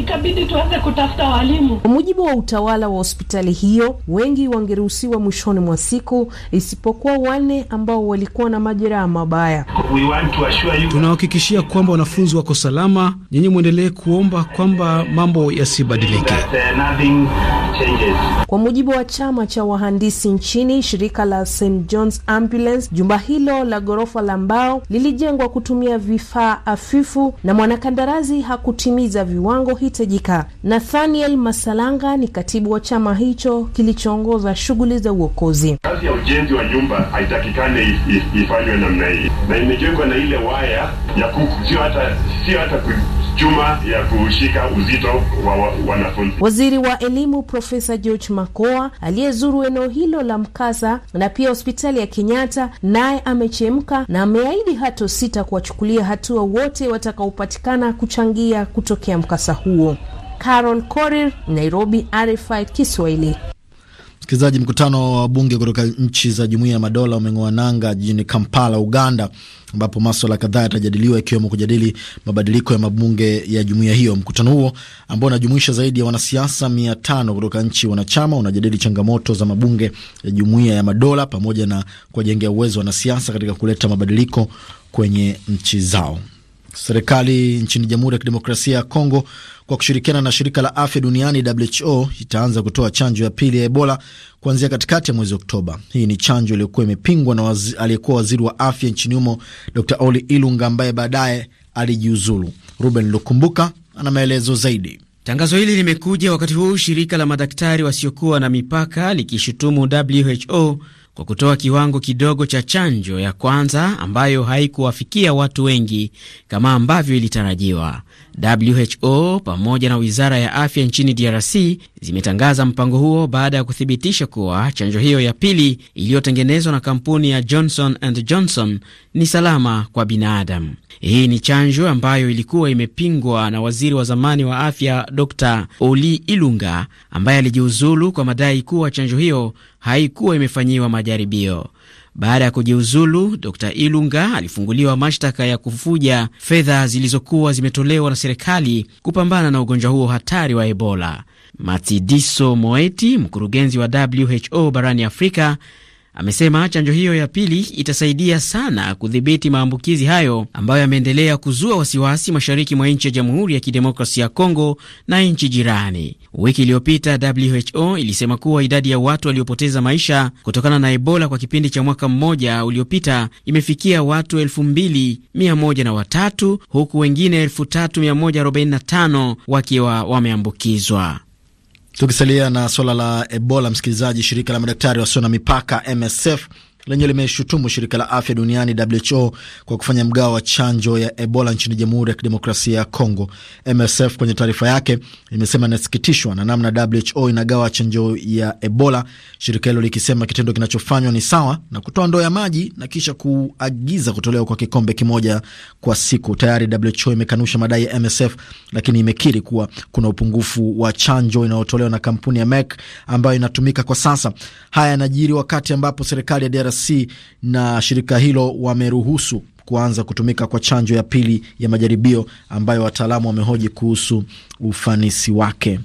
Ikabidi tuanze kutafuta walimu. Kwa mujibu wa utawala wa hospitali hiyo, wengi wangeruhusiwa mwishoni mwa siku, isipokuwa wanne ambao walikuwa na majeraha mabaya. Tunahakikishia kwamba wanafunzi wako salama. Nyinyi mwendelee kuomba kwamba mambo yasibadilike. Uh, kwa mujibu wa chama cha wahandisi nchini, shirika la St John's Ambulance, jumba hilo la ghorofa la mbao lilijengwa kutumia vifaa hafifu na mwanakandarasi hakutimiza viwango hitajika. Nathaniel Masalanga ni katibu wa chama hicho kilichoongoza shughuli za uokozi. Kazi ya ujenzi wa nyumba haitakikane ifanywe namna hii, na imejengwa na ile waya ya kuku, sio hata, sio hata chuma ya kushika uzito wa, wanafunzi. Waziri wa elimu Profesa George Makoa aliyezuru eneo hilo la mkasa na pia hospitali ya Kenyatta naye amechemka na ameahidi hato sita kuwachukulia hatua wote watakaopatikana kuchangia kutokea mkasa huo. Carol Korir, Nairobi, RFI Kiswahili. Msikilizaji, mkutano wa bunge kutoka nchi za jumuiya ya madola umeng'oa nanga jijini Kampala, Uganda, ambapo maswala kadhaa yatajadiliwa ikiwemo kujadili mabadiliko ya mabunge ya jumuiya hiyo. Mkutano huo ambao unajumuisha zaidi ya wanasiasa mia tano kutoka nchi wanachama unajadili changamoto za mabunge ya jumuiya ya madola pamoja na kuwajengea uwezo wanasiasa katika kuleta mabadiliko kwenye nchi zao. Serikali nchini Jamhuri ya Kidemokrasia ya Kongo kwa kushirikiana na shirika la afya duniani WHO itaanza kutoa chanjo ya pili ya Ebola kuanzia katikati ya mwezi Oktoba. Hii ni chanjo iliyokuwa imepingwa na waz, aliyekuwa waziri wa afya nchini humo Dr Oli Ilunga ambaye baadaye alijiuzulu. Ruben Lukumbuka ana maelezo zaidi. Tangazo hili limekuja wakati huu shirika la madaktari wasiokuwa na mipaka likishutumu WHO kwa kutoa kiwango kidogo cha chanjo ya kwanza ambayo haikuwafikia watu wengi kama ambavyo ilitarajiwa. WHO pamoja na wizara ya afya nchini DRC zimetangaza mpango huo baada ya kuthibitisha kuwa chanjo hiyo ya pili iliyotengenezwa na kampuni ya Johnson and Johnson ni salama kwa binadamu. Hii ni chanjo ambayo ilikuwa imepingwa na waziri wa zamani wa afya Dr Oli Ilunga ambaye alijiuzulu kwa madai kuwa chanjo hiyo haikuwa imefanyiwa majaribio. Baada ya kujiuzulu, Dr Ilunga alifunguliwa mashtaka ya kufuja fedha zilizokuwa zimetolewa na serikali kupambana na ugonjwa huo hatari wa Ebola. Matidiso Moeti, mkurugenzi wa WHO barani Afrika, Amesema chanjo hiyo ya pili itasaidia sana kudhibiti maambukizi hayo ambayo yameendelea kuzua wasiwasi mashariki mwa nchi ya Jamhuri ya Kidemokrasia ya Kongo na nchi jirani. Wiki iliyopita WHO ilisema kuwa idadi ya watu waliopoteza maisha kutokana na Ebola kwa kipindi cha mwaka mmoja uliopita imefikia watu 2103 huku wengine 3145 wakiwa wameambukizwa. Tukisalia na suala la Ebola, msikilizaji, shirika la madaktari wasio na mipaka MSF lenye limeshutumu shirika la afya duniani WHO kwa kufanya mgao wa chanjo ya Ebola nchini Jamhuri ya Kidemokrasia ya Kongo. MSF kwenye taarifa yake imesema inasikitishwa na namna WHO inagawa chanjo ya Ebola, shirika hilo likisema kitendo kinachofanywa ni sawa na kutoa ndoo ya maji na kisha kuagiza kutolewa kwa kikombe kimoja kwa siku. Tayari WHO imekanusha madai ya MSF, lakini imekiri kuwa kuna upungufu wa chanjo inayotolewa na kampuni ya Merck ambayo inatumika kwa sasa. Haya yanajiri wakati ambapo serikali ya DRC DRC na shirika hilo wameruhusu kuanza kutumika kwa chanjo ya pili ya majaribio ambayo wataalamu wamehoji kuhusu ufanisi wake.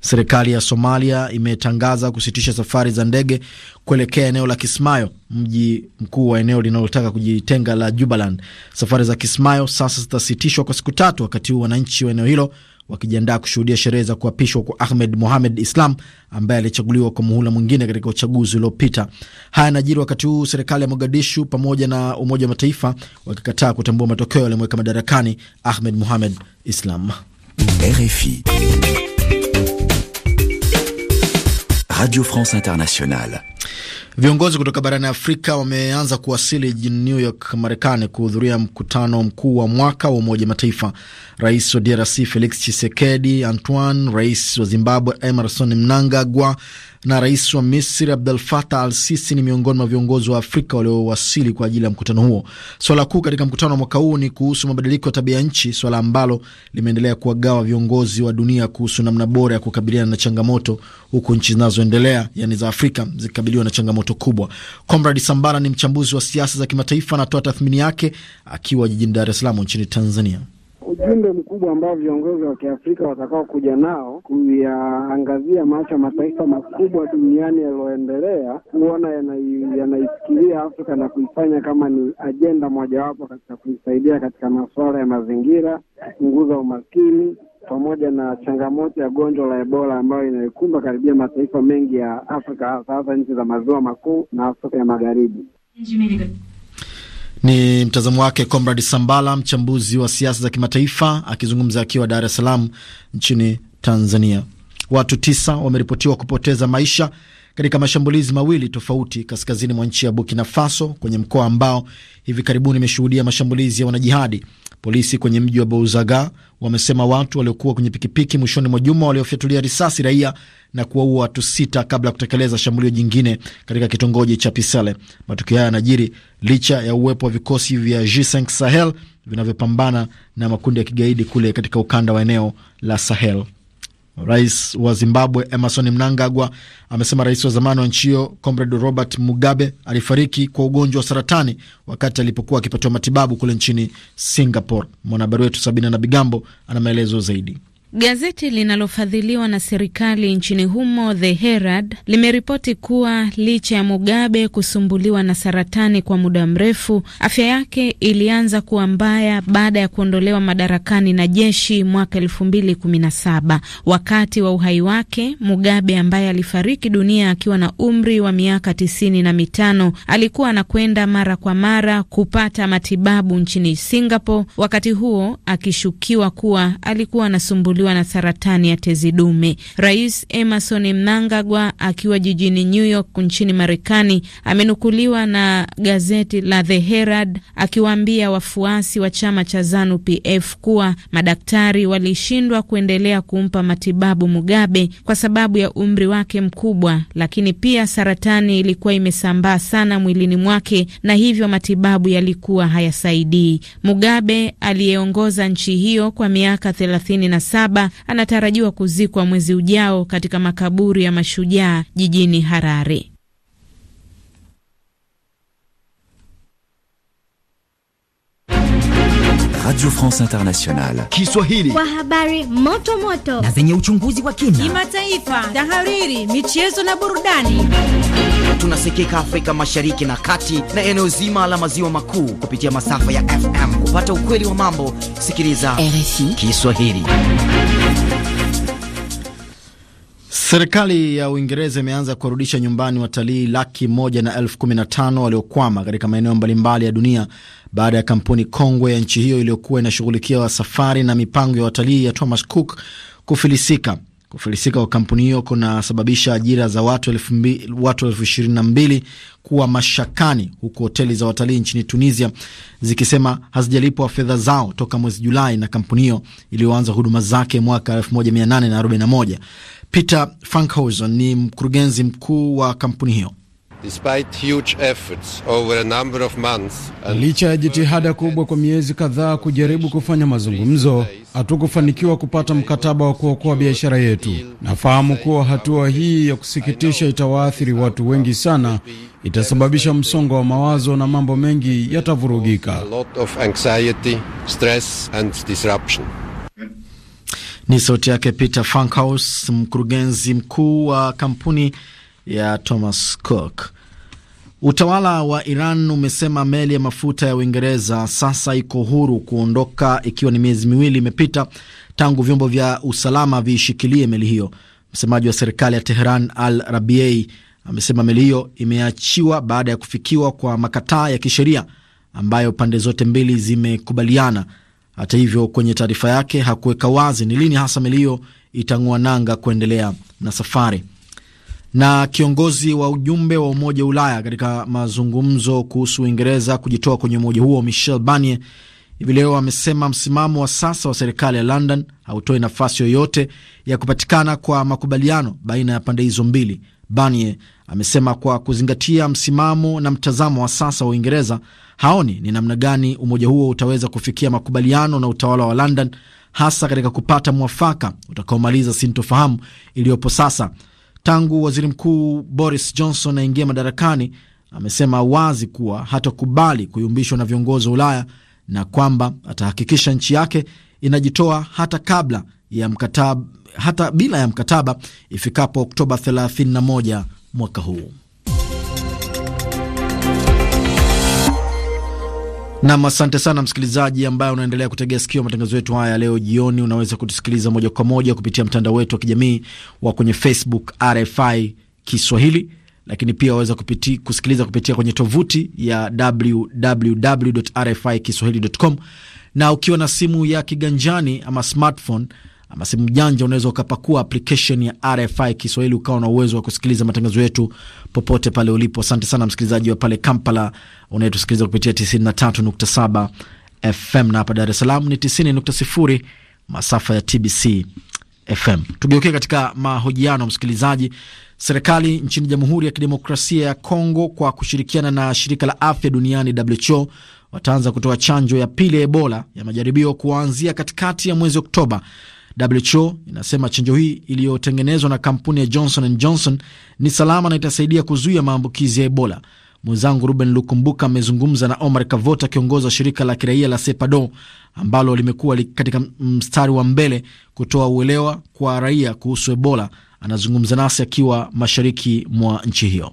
Serikali ya Somalia imetangaza kusitisha safari za ndege kuelekea eneo la Kismayo, mji mkuu wa eneo linalotaka kujitenga la Jubaland. Safari za Kismayo sasa zitasitishwa kwa siku tatu, wakati huu wananchi wa eneo hilo wakijiandaa kushuhudia sherehe za kuapishwa kwa Ahmed Mohamed Islam ambaye alichaguliwa kwa muhula mwingine katika uchaguzi uliopita. Haya yanajiri wakati huu serikali ya Mogadishu pamoja na Umoja wa Mataifa wakikataa kutambua matokeo yaliyomweka madarakani Ahmed Mohamed Islam. RFI Radio France Internationale. Viongozi kutoka barani Afrika wameanza kuwasili jijini New York, Marekani, kuhudhuria mkutano mkuu wa mwaka wa Umoja Mataifa. Rais wa DRC Felix chisekedi Antoine, rais wa Zimbabwe Emerson Mnangagwa, na rais wa Misri Abdel Fattah Al Sisi ni miongoni mwa viongozi wa Afrika waliowasili kwa ajili ya mkutano huo. Swala kuu katika mkutano wa mwaka huu ni kuhusu mabadiliko ya tabia nchi, swala ambalo limeendelea kuwagawa viongozi wa dunia kuhusu namna bora ya kukabiliana na changamoto, huku nchi zinazoendelea yani za Afrika zikikabiliwa na changamoto kubwa. Comrade Sambara ni mchambuzi wa siasa za kimataifa, anatoa tathmini yake akiwa jijini Dar es Salaam nchini Tanzania ujumbe mkubwa ambao viongozi wa Kiafrika watakao kuja nao kuyaangazia macho mataifa makubwa duniani yaliyoendelea kuona yanaifikiria yana Afrika na kuifanya kama ni ajenda mojawapo katika kuisaidia katika masuala ya mazingira, kupunguza umaskini pamoja na changamoto ya gonjwa la Ebola ambayo inaikumba karibia mataifa mengi ya Afrika hasa hasa nchi za maziwa makuu na Afrika ya Magharibi. Ni mtazamo wake Comrade Sambala, mchambuzi wa siasa za kimataifa akizungumza akiwa Dar es Salaam nchini Tanzania. Watu tisa wameripotiwa kupoteza maisha katika mashambulizi mawili tofauti kaskazini mwa nchi ya Burkina Faso, kwenye mkoa ambao hivi karibuni imeshuhudia mashambulizi ya wanajihadi. Polisi kwenye mji wa Bouzaga wamesema watu waliokuwa kwenye pikipiki mwishoni mwa juma waliofyatulia risasi raia na kuwaua watu sita kabla ya kutekeleza shambulio jingine katika kitongoji cha Pisele. Matukio haya yanajiri licha ya uwepo wa vikosi vya G5 Sahel vinavyopambana na makundi ya kigaidi kule katika ukanda wa eneo la Sahel. Rais wa Zimbabwe Emerson Mnangagwa amesema rais wa zamani wa nchi hiyo Comrade Robert Mugabe alifariki kwa ugonjwa wa saratani wakati alipokuwa akipatiwa matibabu kule nchini Singapore. Mwanahabari wetu Sabina na Bigambo ana maelezo zaidi. Gazeti linalofadhiliwa na serikali nchini humo The Herald limeripoti kuwa licha ya Mugabe kusumbuliwa na saratani kwa muda mrefu, afya yake ilianza kuwa mbaya baada ya kuondolewa madarakani na jeshi mwaka 2017. Wakati wa uhai wake, Mugabe ambaye alifariki dunia akiwa na umri wa miaka tisini na mitano alikuwa anakwenda mara kwa mara kupata matibabu nchini Singapore, wakati huo akishukiwa kuwa alikuwa anasumbuliwa kukabiliwa na saratani ya tezi dume. Rais Emerson Mnangagwa akiwa jijini New York nchini Marekani amenukuliwa na gazeti la The Herald akiwaambia wafuasi wa chama cha Zanu PF kuwa madaktari walishindwa kuendelea kumpa matibabu Mugabe kwa sababu ya umri wake mkubwa, lakini pia saratani ilikuwa imesambaa sana mwilini mwake na hivyo matibabu yalikuwa hayasaidii. Mugabe aliyeongoza nchi hiyo kwa miaka 37 saba anatarajiwa kuzikwa mwezi ujao katika makaburi ya mashujaa jijini Harare. Radio France Internationale Kiswahili kwa habari moto moto na zenye uchunguzi wa kina, kimataifa, tahariri, michezo na burudani tunasikika Afrika Mashariki na Kati na eneo zima la maziwa makuu kupitia masafa ya FM. Kupata ukweli wa mambo, sikiliza RFI Kiswahili. Serikali ya Uingereza imeanza kuwarudisha nyumbani watalii laki moja na elfu kumi na tano waliokwama katika maeneo mbalimbali ya dunia baada ya kampuni kongwe ya nchi hiyo iliyokuwa inashughulikia safari na mipango ya watalii ya Thomas Cook kufilisika. Kufilisika kwa kampuni hiyo kunasababisha ajira za watu elfu ishirini na mbili kuwa mashakani, huku hoteli za watalii nchini Tunisia zikisema hazijalipwa fedha zao toka mwezi Julai na kampuni hiyo iliyoanza huduma zake mwaka 1841. Peter Frankhausen ni mkurugenzi mkuu wa kampuni hiyo. Licha ya jitihada kubwa kwa miezi kadhaa kujaribu kufanya mazungumzo, hatukufanikiwa kupata mkataba wa kuokoa biashara yetu. Nafahamu kuwa hatua hii ya kusikitisha itawaathiri watu wengi sana, itasababisha msongo wa mawazo na mambo mengi yatavurugika. Ni sauti yake Peter Frankhaus, mkurugenzi mkuu wa kampuni ya Thomas Cook. Utawala wa Iran umesema meli ya mafuta ya Uingereza sasa iko huru kuondoka ikiwa ni miezi miwili imepita tangu vyombo vya usalama viishikilie meli hiyo. Msemaji wa serikali ya Teheran Al Rabiei amesema meli hiyo imeachiwa baada ya kufikiwa kwa makataa ya kisheria ambayo pande zote mbili zimekubaliana. Hata hivyo, kwenye taarifa yake hakuweka wazi ni lini hasa meli hiyo itang'ua nanga kuendelea na safari na kiongozi wa ujumbe wa Umoja wa Ulaya katika mazungumzo kuhusu Uingereza kujitoa kwenye umoja huo Michel Barnier hivi leo amesema msimamo wa sasa wa serikali ya London hautoi nafasi yoyote ya kupatikana kwa makubaliano baina ya pande hizo mbili. Barnier amesema kwa kuzingatia msimamo na mtazamo wa sasa wa Uingereza, haoni ni namna gani umoja huo utaweza kufikia makubaliano na utawala wa London, hasa katika kupata mwafaka utakaomaliza sintofahamu iliyopo sasa. Tangu waziri mkuu Boris Johnson aingia madarakani, amesema wazi kuwa hatakubali kuyumbishwa na viongozi wa Ulaya na kwamba atahakikisha nchi yake inajitoa hata kabla ya mkataba, hata bila ya mkataba ifikapo Oktoba 31 mwaka huu. Nam, asante sana msikilizaji ambaye unaendelea kutegea sikio matangazo yetu haya leo jioni. Unaweza kutusikiliza moja kwa moja kupitia mtandao wetu wa kijamii wa kwenye Facebook RFI Kiswahili, lakini pia waweza kupiti, kusikiliza kupitia kwenye tovuti ya www.rfikiswahili.com, na ukiwa na simu ya kiganjani ama smartphone ama simu janja, unaweza ukapakua application ya RFI Kiswahili ukawa na uwezo wa kusikiliza matangazo yetu popote pale ulipo. Asante sana msikilizaji wa pale Kampala unayetusikiliza kupitia 93.7 FM na hapa Dar es Salaam ni 90.0 masafa ya TBC FM. Tugeukie katika mahojiano, msikilizaji. Serikali nchini Jamhuri ya Kidemokrasia ya Kongo kwa kushirikiana na shirika la afya duniani WHO wataanza kutoa chanjo ya pili ya Ebola ya majaribio kuanzia katikati ya mwezi Oktoba. WHO inasema chanjo hii iliyotengenezwa na kampuni ya Johnson and Johnson ni salama na itasaidia kuzuia maambukizi ya Ebola. Mwenzangu Ruben Lukumbuka amezungumza na Omar Kavota, kiongozi wa shirika la kiraia la SEPADO ambalo limekuwa katika mstari wa mbele kutoa uelewa kwa raia kuhusu Ebola. Anazungumza nasi akiwa mashariki mwa nchi hiyo.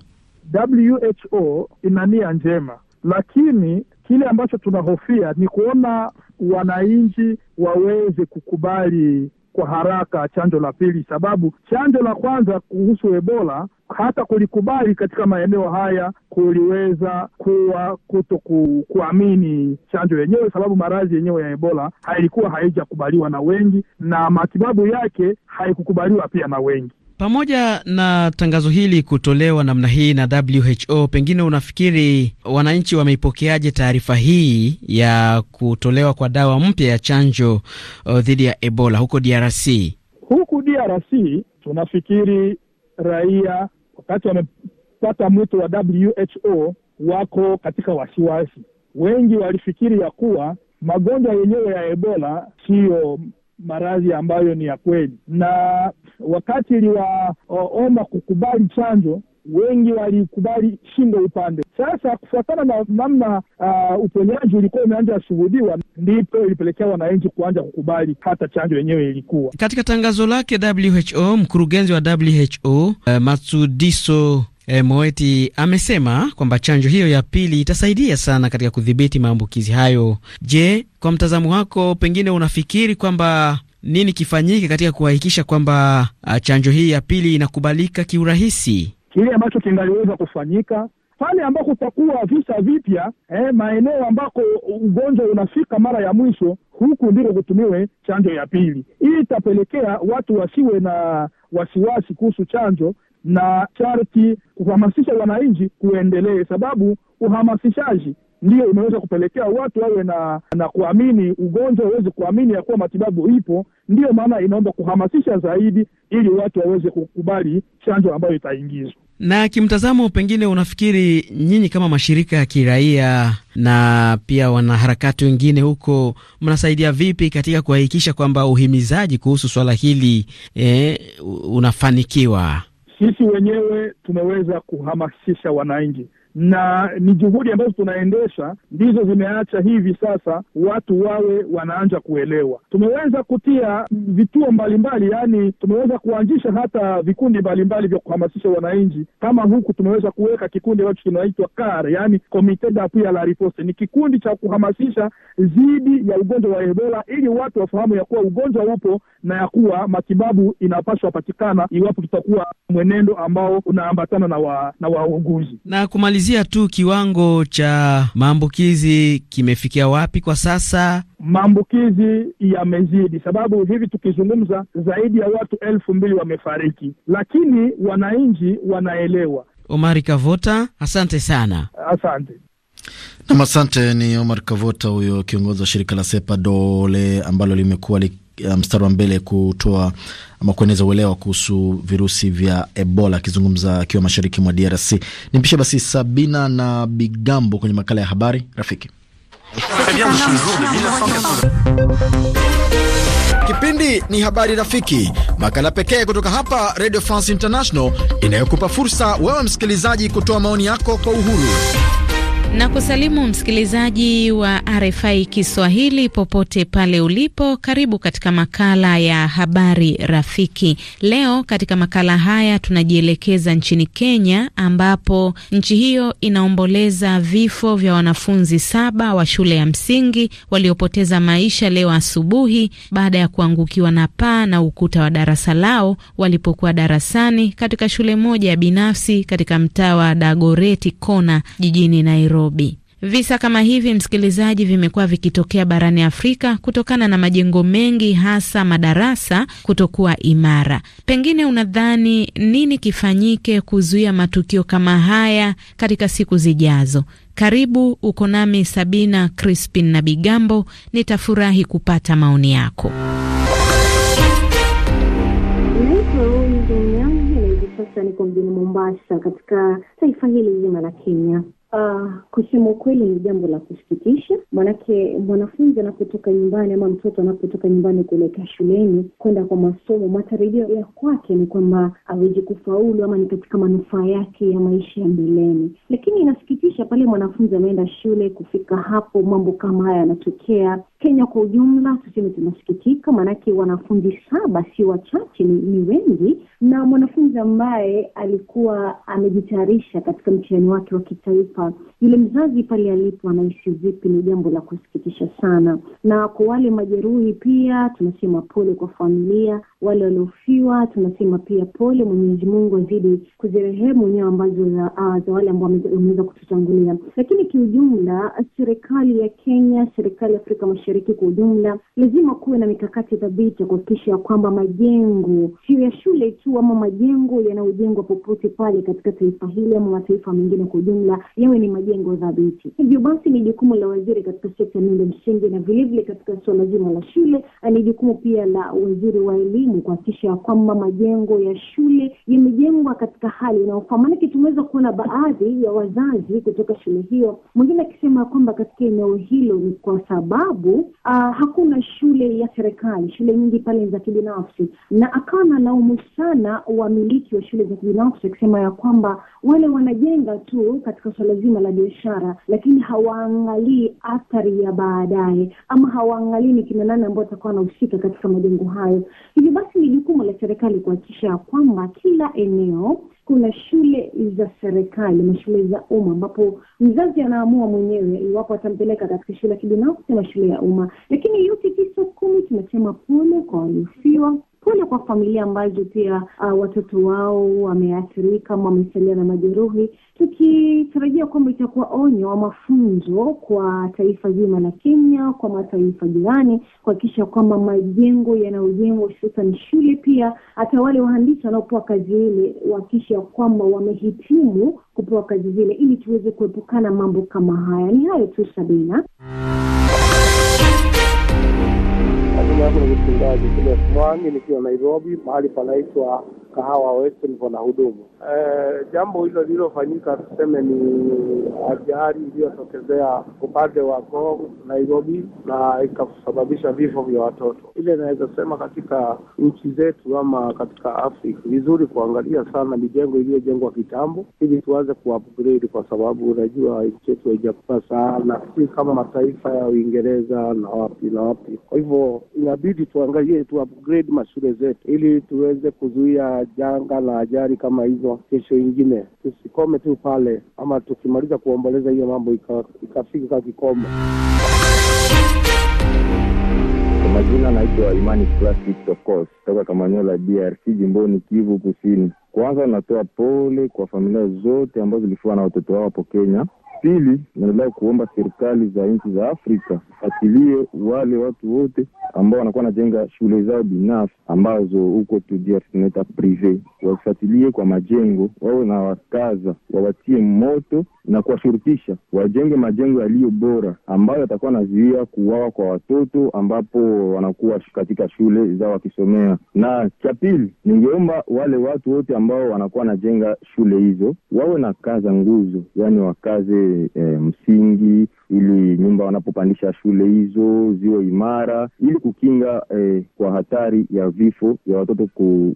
WHO ina nia njema, lakini Kile ambacho tunahofia ni kuona wananchi waweze kukubali kwa haraka chanjo la pili, sababu chanjo la kwanza kuhusu Ebola hata kulikubali katika maeneo haya kuliweza kuwa kuto ku, kuamini chanjo yenyewe, sababu maradhi yenyewe ya Ebola hailikuwa haijakubaliwa na wengi na matibabu yake haikukubaliwa pia na wengi. Pamoja na tangazo hili kutolewa namna hii na WHO, pengine unafikiri wananchi wameipokeaje taarifa hii ya kutolewa kwa dawa mpya ya chanjo uh, dhidi ya Ebola huko DRC? Huku DRC tunafikiri raia wakati wamepata mwito wa WHO wako katika wasiwasi. Wengi walifikiri ya kuwa magonjwa yenyewe ya Ebola siyo maradhi ambayo ni ya kweli na wakati iliwaomba kukubali chanjo wengi walikubali shingo upande. Sasa kufuatana na namna uh, uponyaji ulikuwa umeanza kushuhudiwa, ndipo ilipelekea wananchi kuanza kukubali hata chanjo yenyewe ilikuwa. Katika tangazo lake WHO, mkurugenzi wa WHO uh, eh, Matsudiso E, Moeti amesema kwamba chanjo hiyo ya pili itasaidia sana katika kudhibiti maambukizi hayo. Je, kwa mtazamo wako, pengine unafikiri kwamba nini kifanyike katika kuhakikisha kwamba ah, chanjo hii ya pili inakubalika kiurahisi? Kile ambacho kingaliweza kufanyika pale ambako kutakuwa visa vipya eh, maeneo ambako ugonjwa unafika mara ya mwisho, huku ndiko kutumiwe chanjo ya pili. Hii itapelekea watu wasiwe na wasiwasi kuhusu chanjo, na sharti kuhamasisha wananchi kuendelee, sababu uhamasishaji ndio umeweza kupelekea watu wawe na na kuamini ugonjwa, waweze kuamini ya kuwa matibabu ipo. Ndiyo maana inaomba kuhamasisha zaidi, ili watu waweze kukubali chanjo ambayo itaingizwa. Na kimtazamo, pengine unafikiri nyinyi kama mashirika ya kiraia na pia wanaharakati wengine huko mnasaidia vipi katika kuhakikisha kwamba uhimizaji kuhusu swala hili eh, unafanikiwa? sisi wenyewe tumeweza kuhamasisha wananchi na ni juhudi ambazo tunaendesha ndizo zimeacha hivi sasa watu wawe wanaanza kuelewa. Tumeweza kutia vituo mbalimbali, yaani tumeweza kuanzisha hata vikundi mbalimbali vya kuhamasisha wananchi. Kama huku tumeweza kuweka kikundi ambacho kinaitwa kar yaani komite d'appui la riposte, ni kikundi cha kuhamasisha dhidi ya ugonjwa wa Ebola ili watu wafahamu ya kuwa ugonjwa upo na ya kuwa matibabu inapaswa patikana iwapo tutakuwa mwenendo ambao unaambatana na wa, na wauguzi na kumalizia kumalizia tu, kiwango cha maambukizi kimefikia wapi kwa sasa? Maambukizi yamezidi, sababu hivi tukizungumza zaidi ya watu elfu mbili wamefariki, lakini wananchi wanaelewa. Omari Kavota, asante sana. Asante. Nam, asante. Ni Omar Kavota huyo, kiongozi wa shirika la Sepa Dole ambalo limekuwa Eh, mstari wa mbele kutoa ama kueneza uelewa kuhusu virusi vya Ebola. Akizungumza akiwa mashariki mwa DRC. Nimpishe basi Sabina na Bigambo kwenye makala ya habari rafiki. Kipindi ni habari rafiki, makala pekee kutoka hapa Radio France International inayokupa fursa wewe msikilizaji kutoa maoni yako kwa uhuru na kusalimu msikilizaji wa RFI Kiswahili popote pale ulipo. Karibu katika makala ya habari rafiki. Leo katika makala haya tunajielekeza nchini Kenya, ambapo nchi hiyo inaomboleza vifo vya wanafunzi saba wa shule ya msingi waliopoteza maisha leo asubuhi baada ya kuangukiwa na paa na ukuta wa darasa lao walipokuwa darasani katika shule moja ya binafsi katika mtaa wa Dagoreti Kona jijini Nairobi. Nairobi. Visa kama hivi, msikilizaji, vimekuwa vikitokea barani Afrika kutokana na majengo mengi, hasa madarasa, kutokuwa imara. Pengine unadhani nini kifanyike kuzuia matukio kama haya katika siku zijazo? Karibu, uko nami Sabina Crispin na Bigambo. Nitafurahi kupata maoni yako. Sasa niko mjini Mombasa, katika taifa hili zima la Kenya. Uh, kusema ukweli ni jambo la kusikitisha, maanake mwanafunzi anapotoka nyumbani ama mtoto anapotoka nyumbani kuelekea shuleni kwenda kwa masomo, matarajio ya kwake ni kwamba aweze kufaulu ama ni katika manufaa yake ya maisha ya mbeleni. Lakini inasikitisha pale mwanafunzi ameenda shule, kufika hapo mambo kama haya yanatokea, Kenya kwa ujumla tuseme tunasikitika, maanake wanafunzi saba si wachache, ni, ni wengi. Na mwanafunzi ambaye alikuwa amejitayarisha katika mtihani wake wa kitaifa, yule mzazi pale alipo anahisi vipi, ni jambo la kusikitisha sana. Na kwa wale majeruhi pia tunasema pole kwa familia, wale waliofiwa tunasema pia pole. Mwenyezi Mungu azidi kuzirehemu nyao ambazo za, uh, za wale ambao wameweza kututangulia. Lakini kiujumla serikali ya Kenya, serikali ya Afrika Mashariki Mashariki kwa ujumla, lazima kuwe na mikakati thabiti kuhakikisha ya kwamba majengo sio ya shule tu ama majengo yanayojengwa popote pale katika taifa hili ama mataifa mengine kwa ujumla yawe ni majengo thabiti. Hivyo basi ni jukumu la waziri katika sekta ya miundo msingi na vilevile katika suala zima la shule, ni jukumu pia la waziri wa elimu kuhakikisha ya kwamba majengo ya shule yamejengwa katika hali inayofaa. Maanake tumeweza kuona baadhi ya wazazi kutoka shule hiyo, mwingine akisema kwamba katika eneo hilo ni kwa sababu uh, hakuna shule ya serikali, shule nyingi pale za kibinafsi, na akawa analaumu sana wamiliki wa shule za kibinafsi akisema ya kwamba wale wanajenga tu katika suala zima la biashara, lakini hawaangalii athari ya baadaye, ama hawaangalii ni kina nani ambao atakuwa anahusika katika majengo hayo. Hivyo basi ni jukumu la serikali kuhakikisha ya kwamba kila eneo kuna shule za serikali, na shule za umma, ambapo mzazi anaamua mwenyewe iwapo atampeleka katika shule ya kibinafsi ama shule ya umma. Lakini UTT kumi tunasema pole kwa waliofiwa pole kwa familia ambazo pia uh, watoto wao wameathirika ama wamesalia na majeruhi, tukitarajia kwamba itakuwa onyo wa mafunzo kwa taifa zima la Kenya, kwa mataifa jirani, kuhakikisha kwamba majengo yanayojengwa hususan shule, pia hata wale wahandisi wanaopewa kazi ile wahakikisha kwamba wamehitimu kupewa kazi zile, ili tuweze kuepukana mambo kama haya. Ni hayo tu, Sabina yangu ni mchungaji Julius Mwangi nikiwa Nairobi, mahali panaitwa Kahawa Western, nilipo na hudumu Eh, jambo hilo lililofanyika tuseme ni ajali iliyotokezea upande wa Ngong Nairobi, na ikasababisha vifo vya watoto. Ile inaweza sema katika nchi zetu ama katika Afrika, vizuri kuangalia sana mijengo iliyojengwa kitambo, ili tuanze ku kwa sababu unajua nchi yetu haijakuwa sana, si kama mataifa ya Uingereza na wapi na wapi. Kwa hivyo inabidi tuangalie tu mashule zetu, ili tuweze kuzuia janga la ajali kama hizo kesho ingine, tusikome tu pale, ama tukimaliza kuomboleza hiyo mambo ikafika ika kikomo. Majina naitwa Imani toka Kamanyola, DRC, jimboni Kivu Kusini. Kwanza natoa pole kwa familia zote ambazo zilifiwa na watoto wao hapo Kenya Pili, naendelea kuomba serikali za nchi za Afrika fatilie wale watu wote ambao wanakuwa wanajenga shule zao binafsi ambazo huko tunaita prive, wafatilie kwa majengo, wawe na wakaza, wawatie moto na kuwashurutisha wajenge majengo yaliyo bora ambayo yatakuwa nazuia kuwawa kwa watoto ambapo wanakuwa katika shule zao wakisomea. Na cha pili, ningeomba wale watu wote ambao wanakuwa wanajenga shule hizo wawe na kaza nguzo, yani wakaze e, msingi ili nyumba wanapopandisha shule hizo ziwe imara, ili kukinga eh, kwa hatari ya vifo ya watoto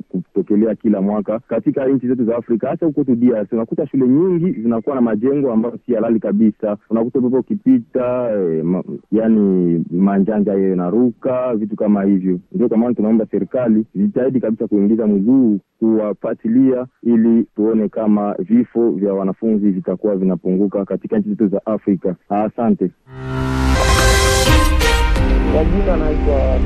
kutokelea kila mwaka katika nchi zetu za Afrika, hasa huko tu DRC. Unakuta shule nyingi zinakuwa na majengo ambayo si halali kabisa, unakuta upepo ukipita, eh, ma, yani manjanja yeye naruka vitu kama hivyo. Ndio kwa maana tunaomba serikali zijitahidi kabisa kuingiza mguu kuwafuatilia, ili tuone kama vifo vya wanafunzi vitakuwa vinapunguka katika nchi zetu za Afrika hasa Asante kwa jina naitwa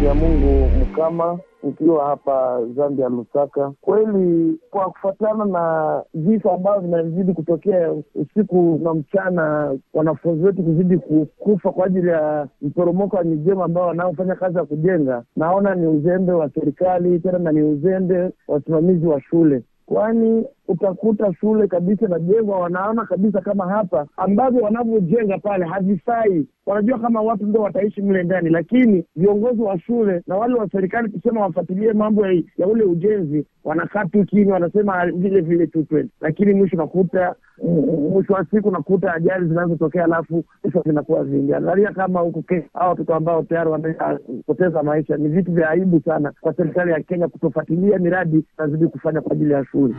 vya eh, Mungu Mkama nikiwa hapa Zambia, Lusaka. Kweli, kwa kufuatana na vifo ambavyo vinazidi kutokea usiku na mchana, wanafunzi wetu kuzidi kukufa kwa ajili ya mporomoko wa mijengo ambao wanaofanya kazi ya kujenga, naona ni uzembe wa serikali, tena na ni uzembe wa wasimamizi wa shule, kwani utakuta shule kabisa inajengwa, wanaona kabisa kama hapa ambavyo wanavyojenga pale havifai. Wanajua kama watu ndo wataishi mle ndani, lakini viongozi wa shule na wale wa serikali kusema wafuatilie mambo ya, ya ule ujenzi, wanakaa tu chini, wanasema vile vile tu twende, lakini mwisho nakuta mwisho wa siku nakuta ajali zinazotokea, alafu vifo vinakuwa vingi. Angalia kama huku Kenya hawa watoto ambao tayari wamepoteza maisha, ni vitu vya aibu sana kwa serikali ya Kenya kutofuatilia miradi nazidi kufanya kwa ajili ya shule.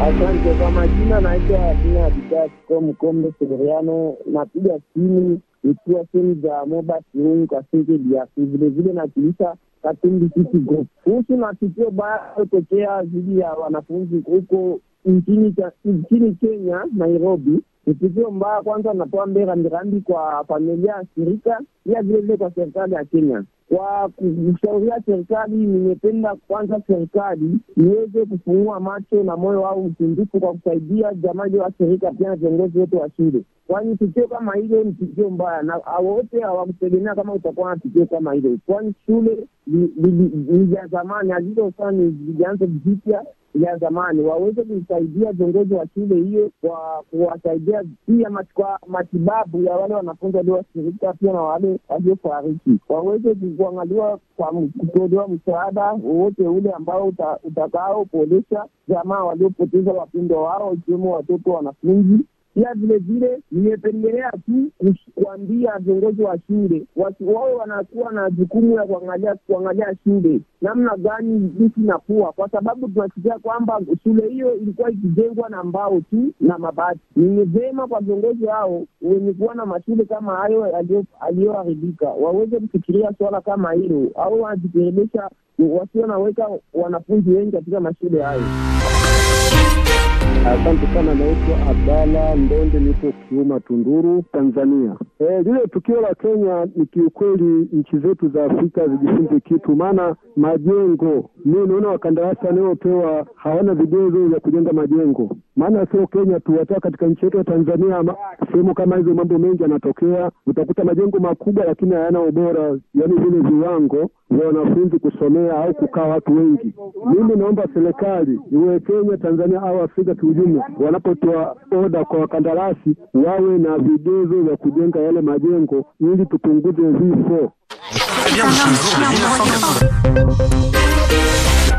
Asante kwa majina, naitwa Akina Abidasco Mkombe Severiano, napiga simu ikiwa simu za Moba Kirungu Kaseke DRC, vilevile nakilisha Katumbi City Group kuhusu matukio baya lilotokea dhidi ya wanafunzi huko nchini Kenya, Nairobi. Ni tukio mbaya, kwanza natoa rambirambi kwa familia, ya shirika, pia vilevile kwa serikali ya Kenya. Kwa kushauria serikali, nimependa kwanza serikali iweze kufungua macho na moyo wao mtundufu kwa kusaidia wa serika pia na viongozi wetu wa shule kwani tukio kama hilo ni tukio mbaya, na awote hawakutegemea kama utakuwa na tukio kama hilo, kwani shule ni vya zamani alizosaa ni vijanzo vipya vya zamani. Waweze kusaidia viongozi wa shule hiyo kwa kuwasaidia pia kwa matibabu ya wale wanafunzi waliowasirika pia na wale waliofariki, waweze kuangaliwa kwa kutolewa msaada wowote ule ambao utakao kuolesha jamaa waliopoteza wapendwa wao, ikiwemo watoto wanafunzi pia vile vile nimependelea tu kuambia viongozi wa shule wawe wanakuwa na jukumu ya kuangalia kuangalia shule namna gani vitu inakuwa, kwa sababu tunasikia kwamba shule hiyo ilikuwa ikijengwa na mbao tu na mabati. Ni vema kwa viongozi hao wenye kuwa na mashule kama hayo aliyoharibika waweze kufikiria swala kama hilo, au wanajikerebesha wasio naweka wanafunzi wengi katika mashule hayo. Asante sana, naitwa Abdala Ndonde, nipo Kiuma, Tunduru, Tanzania. E, lile tukio la Kenya ni kiukweli, nchi zetu za Afrika zijifunze kitu, maana majengo, mimi naona wakandarasi wanayopewa hawana vigezo vya kujenga majengo maana sio Kenya tu, hata katika nchi yetu ya Tanzania sehemu kama hizo mambo mengi yanatokea. Utakuta majengo makubwa, lakini hayana ubora, yani vile viwango vya wanafunzi kusomea au kukaa watu wengi. Mimi naomba serikali iwe Kenya, Tanzania au Afrika kiujumla, wanapotoa oda kwa wakandarasi wawe na vigezo vya kujenga yale majengo ili tupunguze vifo.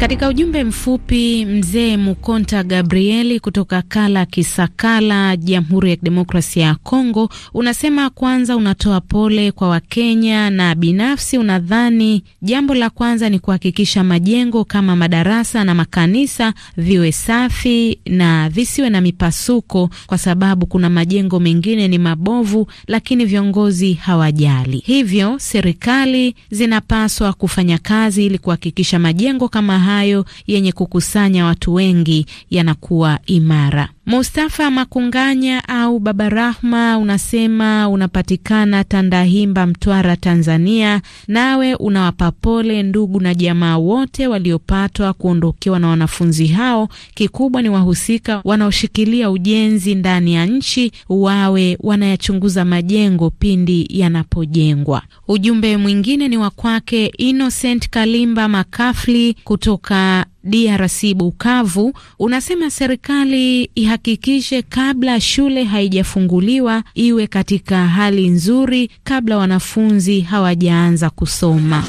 Katika ujumbe mfupi mzee Mukonta Gabrieli kutoka Kala Kisakala, Jamhuri ya Kidemokrasia ya Kongo, unasema kwanza unatoa pole kwa Wakenya na binafsi unadhani jambo la kwanza ni kuhakikisha majengo kama madarasa na makanisa viwe safi na visiwe na mipasuko, kwa sababu kuna majengo mengine ni mabovu, lakini viongozi hawajali. Hivyo serikali zinapaswa kufanya kazi ili kuhakikisha majengo kama hayo yenye kukusanya watu wengi yanakuwa imara. Mustafa Makunganya au Baba Rahma, unasema unapatikana Tandahimba, Mtwara, Tanzania. Nawe unawapa pole ndugu na jamaa wote waliopatwa kuondokewa na wanafunzi hao. Kikubwa ni wahusika wanaoshikilia ujenzi ndani ya nchi wawe wanayachunguza majengo pindi yanapojengwa. Ujumbe mwingine ni wa kwake Innocent Kalimba Makafli kutoka DRC Bukavu unasema serikali ihakikishe kabla shule haijafunguliwa iwe katika hali nzuri kabla wanafunzi hawajaanza kusoma.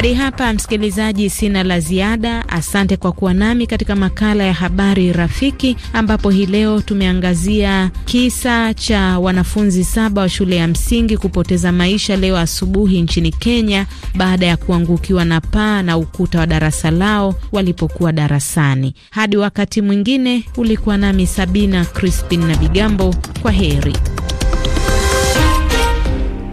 Hadi hapa msikilizaji, sina la ziada. Asante kwa kuwa nami katika makala ya habari rafiki, ambapo hii leo tumeangazia kisa cha wanafunzi saba wa shule ya msingi kupoteza maisha leo asubuhi nchini Kenya baada ya kuangukiwa na paa na ukuta wa darasa lao walipokuwa darasani. Hadi wakati mwingine, ulikuwa nami Sabina Crispin na Bigambo. Kwa heri.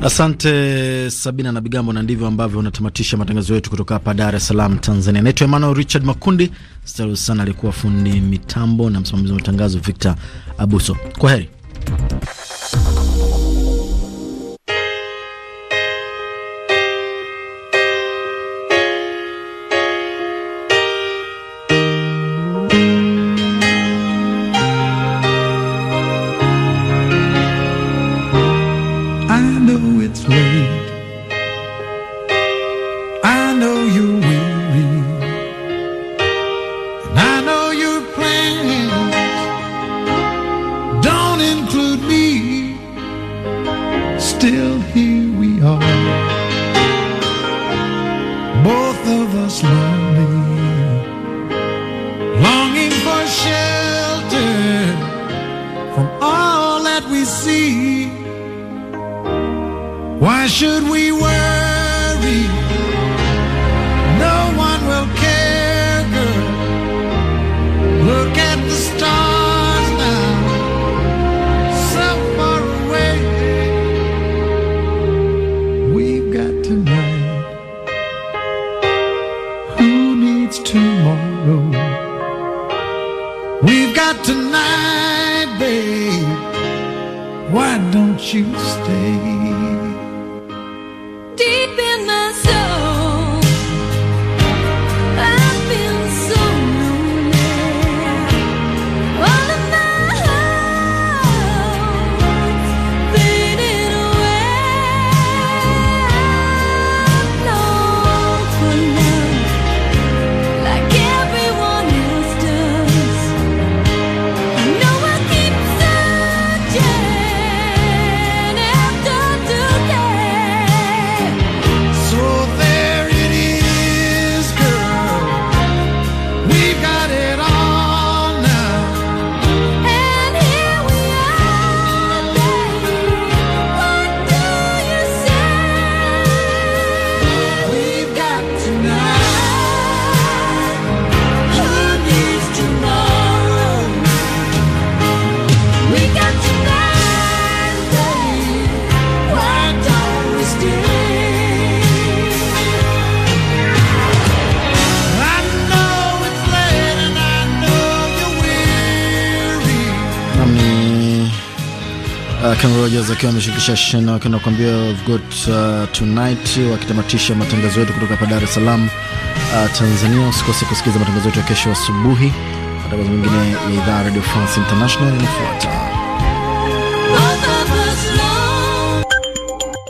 Asante Sabina na Bigambo, na ndivyo ambavyo unatamatisha matangazo yetu kutoka hapa Dar es Salaam, Tanzania. Naitwa Emmanuel Richard Makundi. Starusi sana aliyekuwa fundi mitambo na msimamizi wa matangazo Victor Abuso. Kwa heri. Rogers akiwa ameshirikisha Shen wakiwa nakuambia we've got uh, tonight, wakitamatisha matangazo yetu kutoka hapa Dar es Salaam uh, Tanzania. Usikose kusikiliza matangazo yetu ya kesho asubuhi. Matangazo mengine ya idhaa ya Radio France International yanafuata.